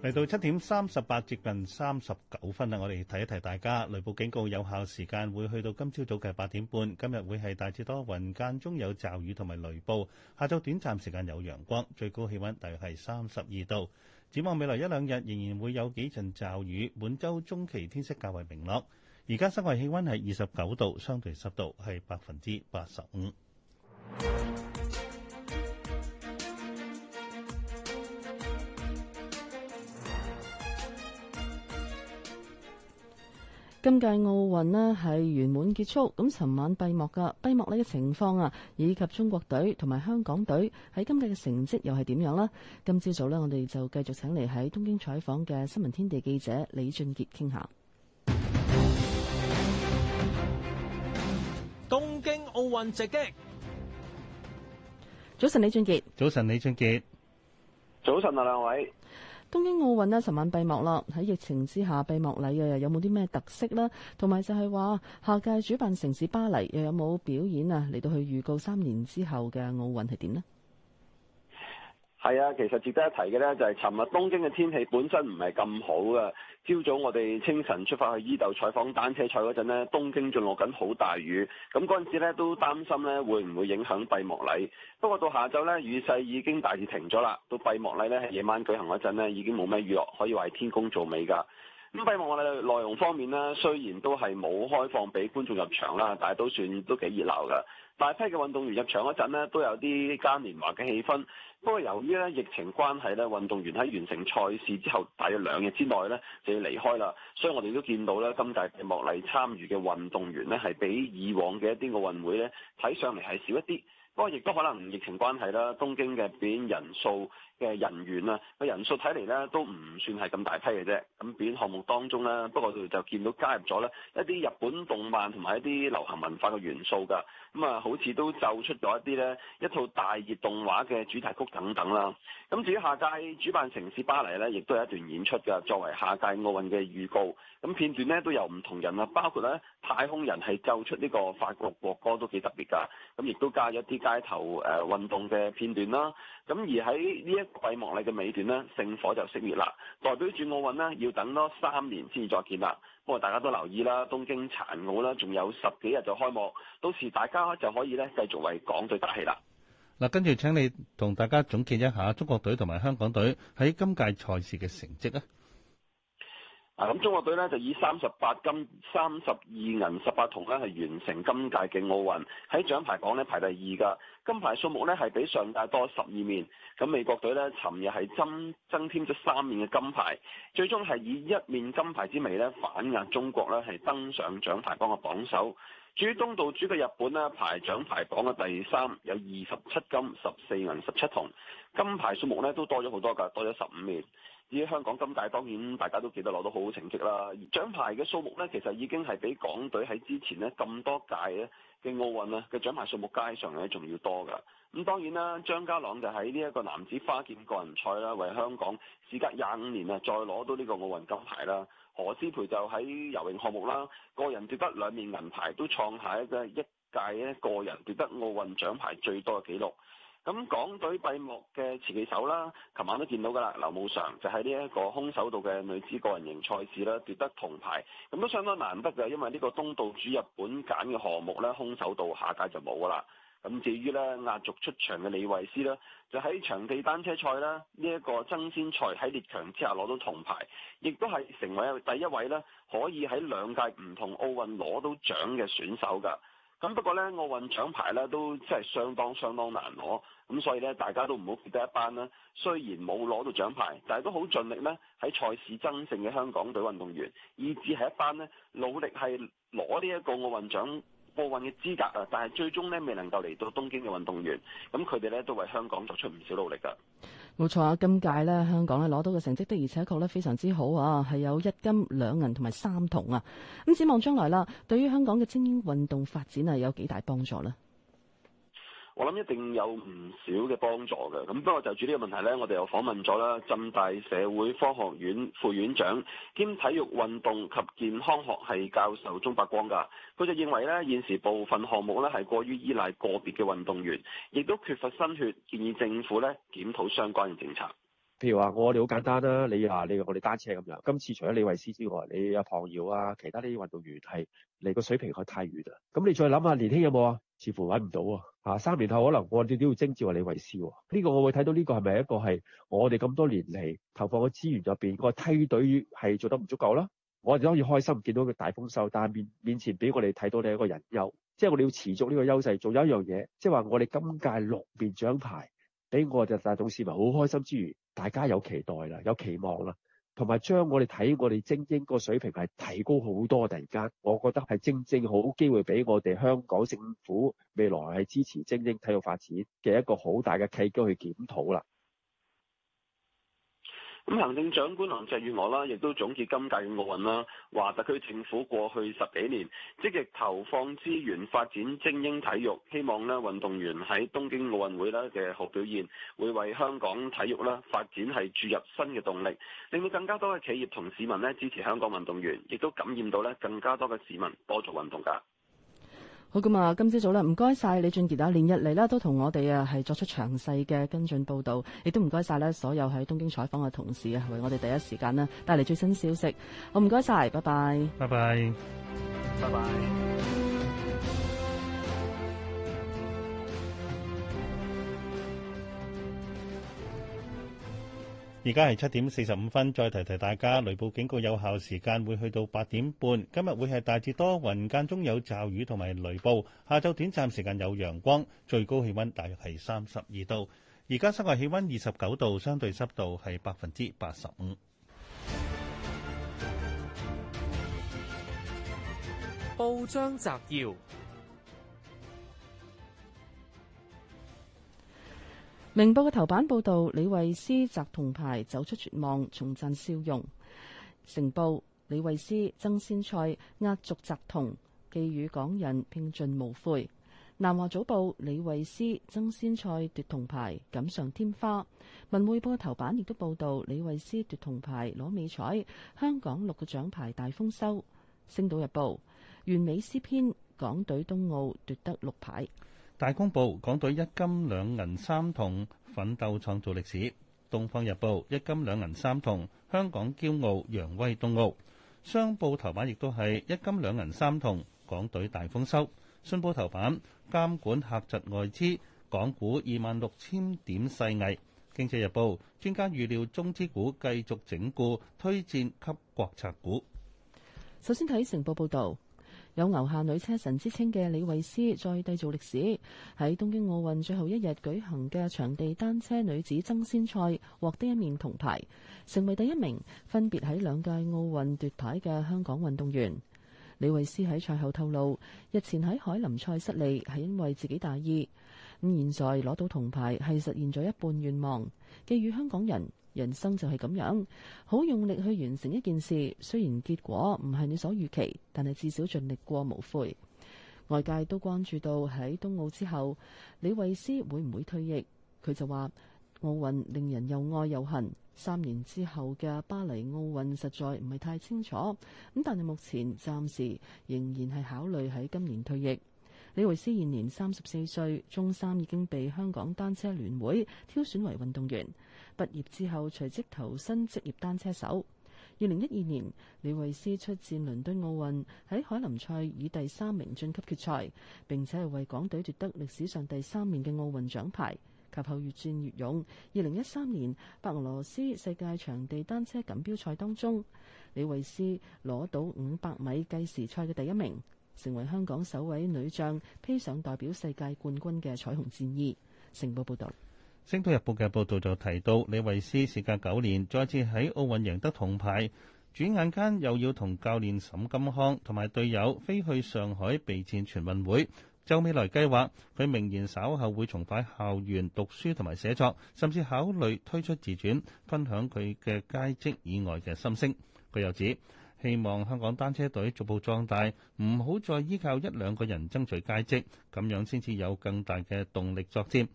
嚟到七點三十八，接近三十九分啦。我哋提一提大家，雷暴警告有效時間會去到今朝早嘅八點半。今日會係大致多雲間中有驟雨同埋雷暴，下晝短暫時間有陽光，最高氣温大約係三十二度。展望未來一兩日仍然會有幾陣驟雨，本週中期天色較為明朗。而家室外氣温係二十九度，相對濕度係百分之八十五。今屆奧運呢係圓滿結束，咁尋晚閉幕嘅閉幕呢嘅情況啊，以及中國隊同埋香港隊喺今屆嘅成績又係點樣呢？今朝早呢，我哋就繼續請嚟喺東京採訪嘅新聞天地記者李俊杰傾下。東京奧運直擊，早晨李俊杰，早晨李俊杰，早晨啊兩位。東京奧運呢，昨晚閉幕啦。喺疫情之下，閉幕禮又有冇啲咩特色呢？同埋就係話，下屆主辦城市巴黎又有冇表演啊？嚟到去預告三年之後嘅奧運係點呢？係啊，其實值得一提嘅呢就係尋日東京嘅天氣本身唔係咁好啊。朝早我哋清晨出發去伊豆採訪單車賽嗰陣咧，東京仲落緊好大雨。咁嗰陣時咧都擔心呢會唔會影響閉幕禮。不過到下晝呢，雨勢已經大致停咗啦。到閉幕禮呢，夜晚舉行嗰陣咧已經冇咩雨落，可以話係天公做美㗎。咁閉幕禮嘅內容方面呢，雖然都係冇開放俾觀眾入場啦，但係都算都幾熱鬧㗎。大批嘅運動員入場嗰陣都有啲嘉年華嘅氣氛。不過由於咧疫情關係咧，運動員喺完成賽事之後，大約兩日之內咧就要離開啦。所以我哋都見到咧，今屆的莫尼參與嘅運動員咧，係比以往嘅一啲奧運會咧，睇上嚟係少一啲。不過亦都可能疫情關係啦，東京嘅表人數。嘅人員啊，個人數睇嚟呢都唔算係咁大批嘅啫。咁表演項目當中呢，不過佢哋就見到加入咗呢一啲日本動漫同埋一啲流行文化嘅元素㗎。咁啊，好似都奏出咗一啲呢一套大熱動畫嘅主題曲等等啦。咁至於下屆主辦城市巴黎呢，亦都有一段演出㗎，作為下屆奧運嘅預告。咁片段呢都有唔同人啊，包括呢太空人係奏出呢個法國國歌都幾特別㗎。咁亦都加咗啲街頭誒運動嘅片段啦。咁而喺呢一季望你嘅尾段咧，聖火就熄滅啦。代表住奧運咧，要等多三年先至再見啦。不過大家都留意啦，東京殘奧啦，仲有十幾日就開幕，到時大家就可以咧繼續為港隊打氣啦。嗱，跟住請你同大家總結一下中國隊同埋香港隊喺今屆賽事嘅成績啊。嗱，咁中國隊咧就以三十八金、三十二銀呢、十八銅咧係完成今屆嘅奧運，喺獎牌榜咧排第二㗎，金牌數目咧係比上屆多十二面。咁美國隊咧尋日係增增添咗三面嘅金牌，最終係以一面金牌之微咧反壓中國咧係登上獎牌榜嘅榜首。至於東道主嘅日本咧排獎牌榜嘅第三，有二十七金、十四銀、十七銅，金牌數目咧都多咗好多㗎，多咗十五面。至於香港今屆當然大家都記得攞到好好成績啦，獎牌嘅數目呢，其實已經係比港隊喺之前呢咁多屆嘅奧運啊嘅獎牌數目加上呢，仲要多㗎。咁當然啦，張家朗就喺呢一個男子花劍個人賽啦，為香港事隔廿五年啊再攞到呢個奧運金牌啦。何詩蓓就喺游泳項目啦，個人奪得兩面銀牌，都創下即係一屆咧個人奪得奧運獎牌最多嘅紀錄。咁港隊閉幕嘅持旗手啦，琴晚都見到噶啦，劉慕裳就喺呢一個空手道嘅女子個人型賽事啦奪得銅牌，咁都相當難得㗎，因為呢個東道主日本揀嘅項目呢，空手道下屆就冇啦。咁至於呢壓軸出場嘅李慧詩啦，就喺場地單車賽啦呢一個爭先賽喺列強之下攞到銅牌，亦都係成為第一位呢，可以喺兩屆唔同奧運攞到獎嘅選手噶。咁不過呢，奧運獎牌呢都真係相當相當難攞，咁所以呢大家都唔好撇低一班啦。雖然冇攞到獎牌，但係都好盡力呢，喺賽事爭勝嘅香港隊運動員，以至係一班呢，努力係攞呢一個奧運獎奧運嘅資格啊，但係最終咧未能夠嚟到東京嘅運動員，咁佢哋咧都為香港作出唔少努力噶。冇錯啊，今屆咧香港咧攞到嘅成績的而且確咧非常之好啊，係有一金兩銀同埋三銅啊。咁展望將來啦，對於香港嘅精英運動發展啊，係有幾大幫助呢？我諗一定有唔少嘅幫助嘅，咁不過就住呢個問題呢，我哋又訪問咗啦，浸大社會科學院副院長兼體育運動及健康學系教授鍾伯光噶，佢就認為呢，現時部分項目呢係過於依賴個別嘅運動員，亦都缺乏新血，建議政府呢檢討相關嘅政策。譬如話我哋好簡單啦，你啊你我哋單車咁樣，今次除咗李慧詩之外，你阿唐耀啊，其他啲運動員係離個水平還太遠啦，咁你再諗下年輕有冇啊？似乎揾唔到啊，啊！三年後可能我哋都要徵召李維斯。呢、這個我會睇到呢個係咪一個係我哋咁多年嚟投放嘅資源入邊個梯隊係做得唔足夠啦？我哋都可以開心見到個大豐收，但面面前俾我哋睇到你係一個人優，即係我哋要持續呢個優勢做一樣嘢，即係話我哋今屆六面獎牌俾我哋大眾市民好開心之餘，大家有期待啦，有期望啦。同埋將我哋睇我哋精英個水平係提高好多，突然間，我覺得係正正好機會畀我哋香港政府未來係支持精英體育發展嘅一個好大嘅契機去檢討啦。咁行政長官林鄭月娥啦，亦都總結今屆嘅奧運啦，話特區政府過去十幾年積極投放資源發展精英體育，希望咧運動員喺東京奧運會咧嘅好表現，會為香港體育啦發展係注入新嘅動力，令到更加多嘅企業同市民咧支持香港運動員，亦都感染到咧更加多嘅市民多做運動㗎。好咁啊！今朝早啦，唔該晒李俊傑啊，連日嚟啦都同我哋啊係作出詳細嘅跟進報道，亦都唔該晒咧所有喺東京採訪嘅同事啊，為我哋第一時間呢帶嚟最新消息。好，唔該晒，拜拜，拜拜，拜拜。而家係七點四十五分，再提提大家，雷暴警告有效時間會去到八點半。今日會係大致多雲，間中有驟雨同埋雷暴，下晝短暫時間有陽光，最高氣溫大約係三十二度。而家室外氣溫二十九度，相對濕度係百分之八十五。報章摘要。明報嘅頭版報道，李慧詩摘銅牌，走出絕望，重振笑容。成報，李慧詩爭先賽壓軸摘銅，寄語港人拼盡無悔。南華早報，李慧詩爭先賽奪銅牌錦上添花。文匯報嘅頭版亦都報道，李慧詩奪銅牌攞美彩，香港六個獎牌大豐收。星島日報，完美詩篇，港隊東奧奪得六牌。大公報：港隊一金兩銀三銅，奮鬥創造歷史。《東方日報》一金兩銀三銅，香港驕傲，揚威東奧。商報頭版亦都係一金兩銀三銅，港隊大豐收。信報頭版監管嚇窒外資，港股二萬六千點細藝。《經濟日報》專家預料中資股繼續整固，推薦給國策股。首先睇成報報導。有牛下女車神之稱嘅李慧詩再締造歷史，喺東京奧運最後一日舉行嘅場地單車女子爭先賽，獲得一面銅牌，成為第一名分別喺兩屆奧運奪牌嘅香港運動員。李慧詩喺賽後透露，日前喺凱林賽失利係因為自己大意，咁現在攞到銅牌係實現咗一半願望，寄語香港人，人生就係咁樣，好用力去完成一件事，雖然結果唔係你所預期，但係至少盡力過無悔。外界都關注到喺東奧之後，李慧詩會唔會退役？佢就話奧運令人又愛又恨，三年之後嘅巴黎奧運實在唔係太清楚。咁但係目前暫時仍然係考慮喺今年退役。李慧詩現年三十四歲，中三已經被香港單車聯會挑選為運動員。畢業之後，隨即投身職業單車手。二零一二年，李慧詩出戰倫敦奧運，喺海林賽以第三名晉級決賽，並且係為港隊奪得歷史上第三面嘅奧運獎牌。及後越戰越勇，二零一三年白俄羅斯世界場地單車錦標賽當中，李慧詩攞到五百米計時賽嘅第一名，成為香港首位女將披上代表世界冠軍嘅彩虹戰衣。成報報道。《星島日報》嘅報道就提到，李慧詩事隔九年再次喺奧運贏得銅牌，轉眼間又要同教練沈金康同埋隊友飛去上海備戰全運會。週美來計劃，佢明年稍後會重返校園讀書同埋寫作，甚至考慮推出自傳，分享佢嘅佳績以外嘅心聲。佢又指希望香港單車隊逐步壯大，唔好再依靠一兩個人爭取佳績，咁樣先至有更大嘅動力作戰。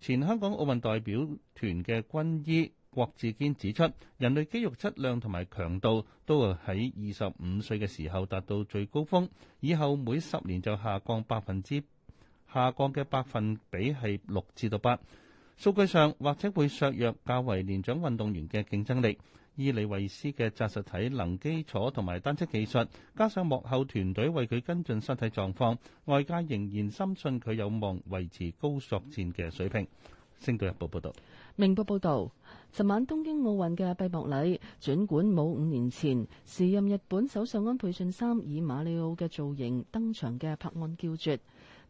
前香港奧運代表團嘅軍醫郭志堅指出，人類肌肉質量同埋強度都係喺二十五歲嘅時候達到最高峰，以後每十年就下降百分之，下降嘅百分比係六至到八，數據上或者會削弱較為年長運動員嘅競爭力。伊利維斯嘅扎實體能基礎同埋單車技術，加上幕後團隊為佢跟進身體狀況，外界仍然深信佢有望維持高速戰嘅水平。星島日報報道：「明報報道，昨晚東京奧運嘅閉幕禮，儘管冇五年前，時任日本首相安倍晉三以馬里奧嘅造型登場嘅拍案叫絕。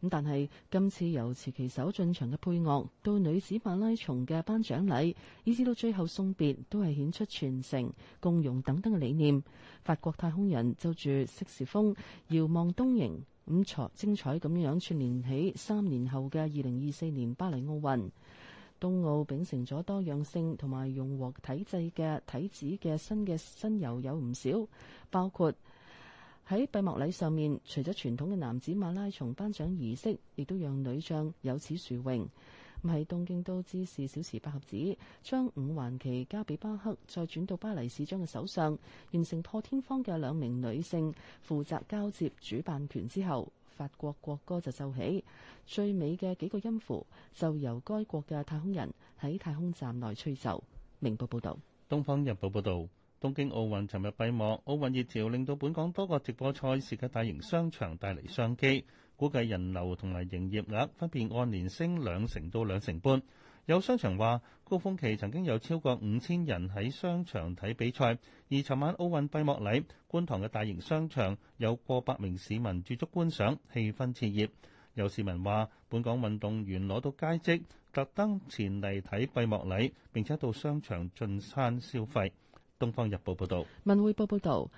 咁但係今次由持旗手進場嘅配樂，到女子馬拉松嘅頒獎禮，以至到最後送別，都係顯出全城共融等等嘅理念。法國太空人就住適時風，遙望東瀛，咁彩精彩咁樣串聯起三年後嘅二零二四年巴黎奧運。東奧秉承咗多樣性同埋融合體制嘅體子嘅新嘅新友有唔少，包括。喺閉幕禮上面，除咗傳統嘅男子馬拉松頒獎儀式，亦都讓女將有此殊榮。喺東京都知事小池百合子將五環旗交俾巴克，再轉到巴黎市長嘅手上，完成破天荒嘅兩名女性負責交接主辦權之後，法國國歌就奏起，最美嘅幾個音符就由該國嘅太空人喺太空站內吹奏。明報報道：東方日報報道。東京奧運尋日閉幕，奧運熱潮令到本港多個直播賽事嘅大型商場帶嚟商機，估計人流同埋營業額分別按年升兩成到兩成半。有商場話，高峰期曾經有超過五千人喺商場睇比賽，而尋晚奧運閉幕禮，觀塘嘅大型商場有過百名市民駐足觀賞，氣氛熾熱。有市民話，本港運動員攞到佳績，特登前嚟睇閉幕禮，並且到商場進餐消費。東方日報報道，文匯報報道，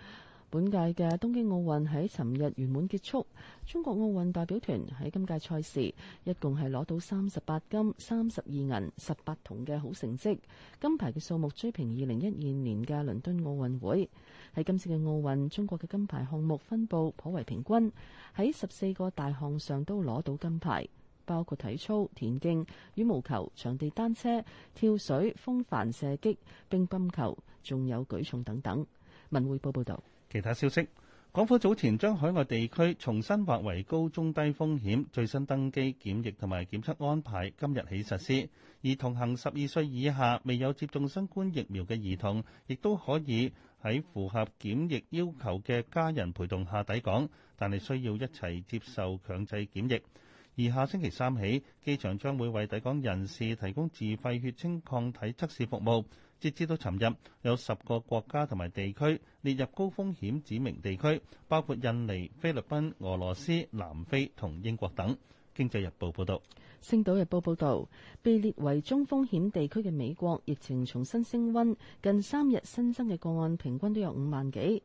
本屆嘅東京奧運喺尋日圓滿結束。中國奧運代表團喺今屆賽事一共係攞到三十八金、三十二銀、十八銅嘅好成績，金牌嘅數目追平二零一二年嘅倫敦奧運會，喺今次嘅奧運，中國嘅金牌項目分佈頗為平均，喺十四個大項上都攞到金牌。包括體操、田徑、羽毛球、場地單車、跳水、風帆、射擊、乒乓球，仲有舉重等等。文匯報報道，其他消息，港府早前將海外地區重新劃為高中低風險，最新登機檢疫同埋檢測安排今日起實施。而同行十二歲以下未有接種新冠疫苗嘅兒童，亦都可以喺符合檢疫要求嘅家人陪同下抵港，但係需要一齊接受強制檢疫。而下星期三起，機場將會為抵港人士提供自費血清抗體測試服務。截至到尋日，有十個國家同埋地區列入高風險指明地區，包括印尼、菲律賓、俄羅斯、南非同英國等。經濟日報報道，《星島日報》報道，被列為中風險地區嘅美國疫情重新升溫，近三日新增嘅個案平均都有五萬幾。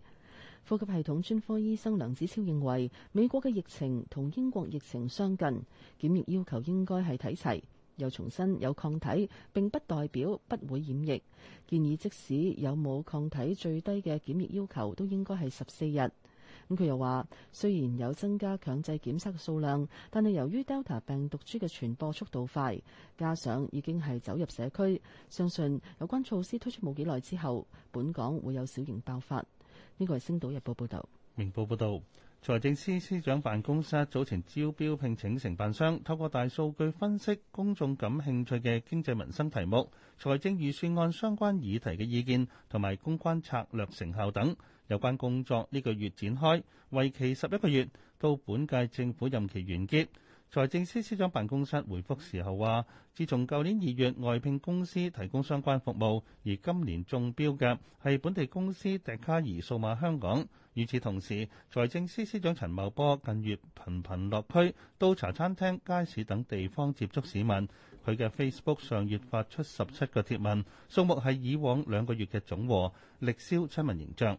呼吸系統專科醫生梁子超認為，美國嘅疫情同英國疫情相近，檢疫要求應該係睇齊，又重申，有抗體並不代表不會染疫。建議即使有冇抗體，最低嘅檢疫要求都應該係十四日。咁佢又話，雖然有增加強制檢測嘅數量，但係由於 Delta 病毒株嘅傳播速度快，加上已經係走入社區，相信有關措施推出冇幾耐之後，本港會有小型爆發。呢個係星島日報報導，明報報導，財政司司長辦公室早前招標聘請承辦商，透過大數據分析公眾感興趣嘅經濟民生題目、財政預算案相關議題嘅意見同埋公關策略成效等有關工作，呢個月展開，為期十一個月，到本屆政府任期完結。財政司司長辦公室回覆時候話：自從舊年二月外聘公司提供相關服務，而今年中標嘅係本地公司迪卡爾數碼香港。與此同時，財政司司長陳茂波近月頻頻落區，到茶餐廳、街市等地方接觸市民。佢嘅 Facebook 上月發出十七個貼文，數目係以往兩個月嘅總和，力銷親民形象。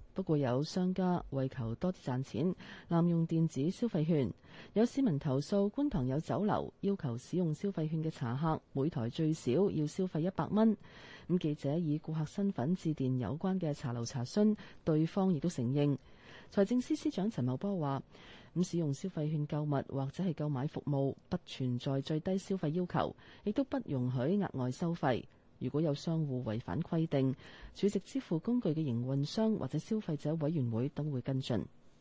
不過有商家為求多啲賺錢，濫用電子消費券。有市民投訴，觀塘有酒樓要求使用消費券嘅茶客，每枱最少要消費一百蚊。咁記者以顧客身份致電有關嘅茶樓查詢，對方亦都承認。財政司司長陳茂波話：咁使用消費券購物或者係購買服務，不存在最低消費要求，亦都不容許額外收費。如果有商戶違反規定，儲值支付工具嘅營運商或者消費者委員會都會跟進。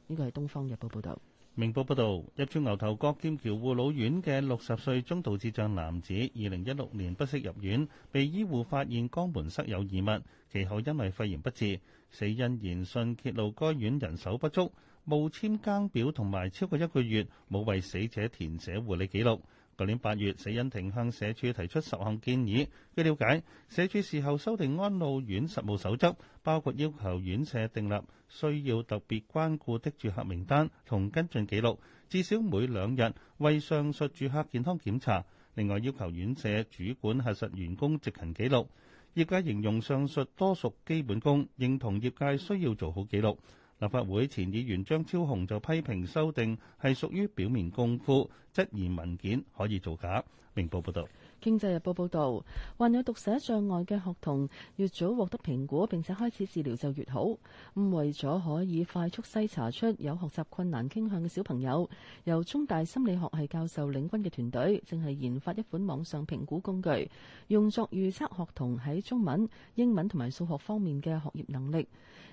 呢個係《東方日報》報導。明報報道，入住牛頭角劍橋護老院嘅六十歲中度智障男子，二零一六年不適入院，被醫護發現肛門塞有異物，其後因為肺炎不治，死因研訊揭露該院人手不足，無簽更表同埋超過一個月冇為死者填寫護理記錄。去年八月，死因庭向社署提出十項建議。據了解，社署事後修訂安老院實務守則，包括要求院舍訂立需要特別關顧的住客名單同跟進記錄，至少每兩日為上述住客健康檢查。另外，要求院舍主管核實員工執勤記錄。業界形容上述多屬基本功，認同業界需要做好記錄。立法會前議員張超雄就批評修訂係屬於表面功夫，質疑文件可以造假。明報報道。經濟日報報導，患有讀寫障礙嘅學童越早獲得評估，並且開始治療就越好。咁為咗可以快速篩查出有學習困難傾向嘅小朋友，由中大心理學系教授領軍嘅團隊正係研發一款網上評估工具，用作預測學童喺中文、英文同埋數學方面嘅學業能力。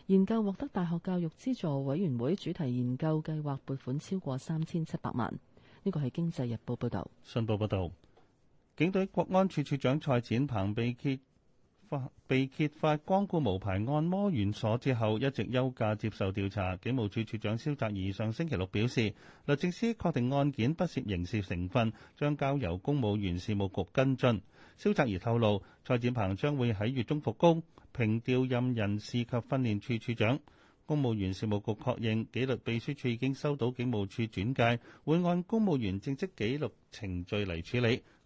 研究獲得大學教育資助委員會主題研究計劃撥款超過三千七百萬。呢個係經濟日報報道新報報導。警隊國安處處長蔡展鵬被揭發被揭發光顧無牌按摩院所之後，一直休假接受調查。警務處處長蕭澤頤上星期六表示，律政司確定案件不涉刑事成分，將交由公務員事務局跟進。蕭澤頤透露，蔡展鵬將會喺月中復工，平調任人事及訓練處處長。公務員事務局確認，紀律秘書處已經收到警務處轉介，會按公務員正職紀律程序嚟處理。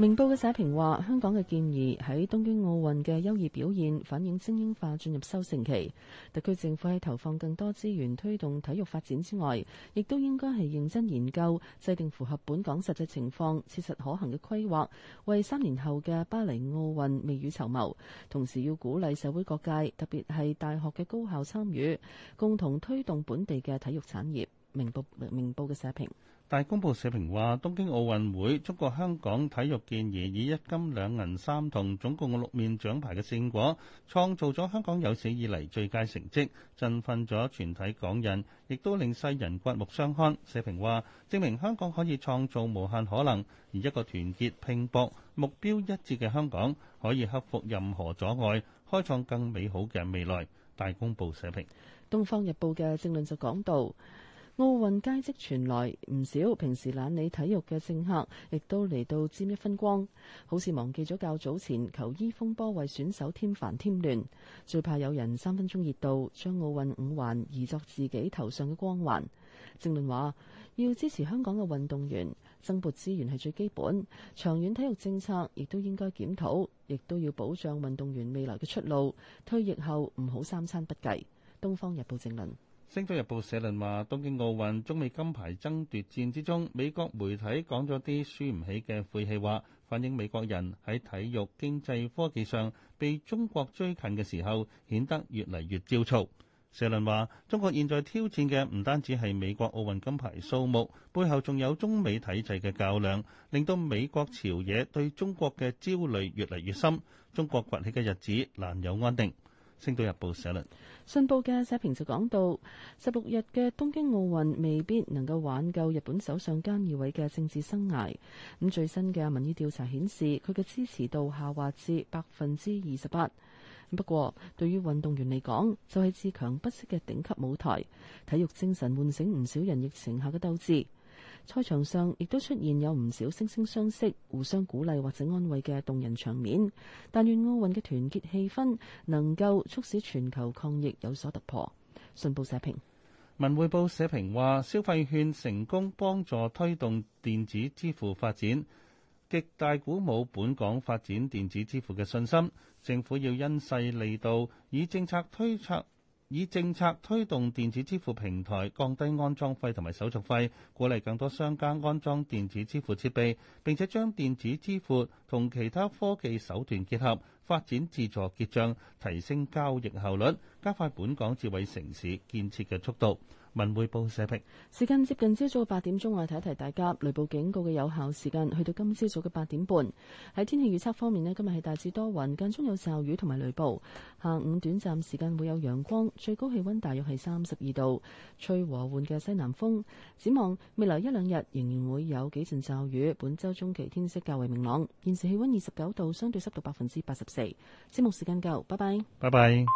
明報嘅社評話：香港嘅建議喺東京奧運嘅優異表現，反映精英化進入收成期。特區政府喺投放更多資源推動體育發展之外，亦都應該係認真研究制定符合本港實際情況、切實可行嘅規劃，為三年後嘅巴黎奧運未雨綢繆，同時要鼓勵社會各界，特別係大學嘅高校參與，共同推動本地嘅體育產業。明報，明，明報嘅社評。大公報社評話：東京奧運會，中國香港體育健兒以一金兩銀三銅總共六面獎牌嘅勝果，創造咗香港有史以嚟最佳成績，振奮咗全體港人，亦都令世人刮目相看。社評話，證明香港可以創造無限可能，而一個團結、拼搏、目標一致嘅香港，可以克服任何阻礙，開創更美好嘅未來。大公報社評，《東方日報》嘅正論就講到。奧運佳績傳來，唔少平時懶理體育嘅政客，亦都嚟到沾一分光。好似忘記咗較早前球衣風波為選手添煩添亂，最怕有人三分鐘熱度，將奧運五環移作自己頭上嘅光環。政論話，要支持香港嘅運動員，增撥資源係最基本，長遠體育政策亦都應該檢討，亦都要保障運動員未來嘅出路，退役後唔好三餐不計。東方日報政論。《星島日報》社論話：東京奧運中美金牌爭奪戰之中，美國媒體講咗啲輸唔起嘅晦氣話，反映美國人喺體育、經濟、科技上被中國追近嘅時候，顯得越嚟越焦躁。社論話：中國現在挑戰嘅唔單止係美國奧運金牌數目，背後仲有中美體制嘅較量，令到美國朝野對中國嘅焦慮越嚟越深，中國崛起嘅日子難有安定。《星島日報》社論。信報嘅社評就講到，十六日嘅東京奧運未必能夠挽救日本首相菅義偉嘅政治生涯。咁最新嘅民意調查顯示，佢嘅支持度下滑至百分之二十八。不過，對於運動員嚟講，就係自強不息嘅頂級舞台，體育精神喚醒唔少人疫情下嘅鬥志。賽場上亦都出現有唔少惺惺相惜、互相鼓勵或者安慰嘅動人場面，但願奧運嘅團結氣氛能夠促使全球抗疫有所突破。信報社評，文匯報社評話，消費券成功幫助推動電子支付發展，極大鼓舞本港發展電子支付嘅信心。政府要因勢利導，以政策推測。以政策推動電子支付平台降低安裝費同埋手續費，鼓勵更多商家安裝電子支付設備，並且將電子支付同其他科技手段結合，發展自助結帳，提升交易效率，加快本港智慧城市建設嘅速度。文匯報社評。時間接近朝早嘅八點鐘，我哋提一提大家雷暴警告嘅有效時間去到今朝早嘅八點半。喺天氣預測方面呢，今日係大致多雲，間中有驟雨同埋雷暴。下午短暫時間會有陽光，最高氣溫大約係三十二度，吹和緩嘅西南風。展望未來一兩日仍然會有幾陣驟雨。本周中期天色較為明朗。現時氣溫二十九度，相對濕度百分之八十四。節目時間夠，拜拜。拜拜。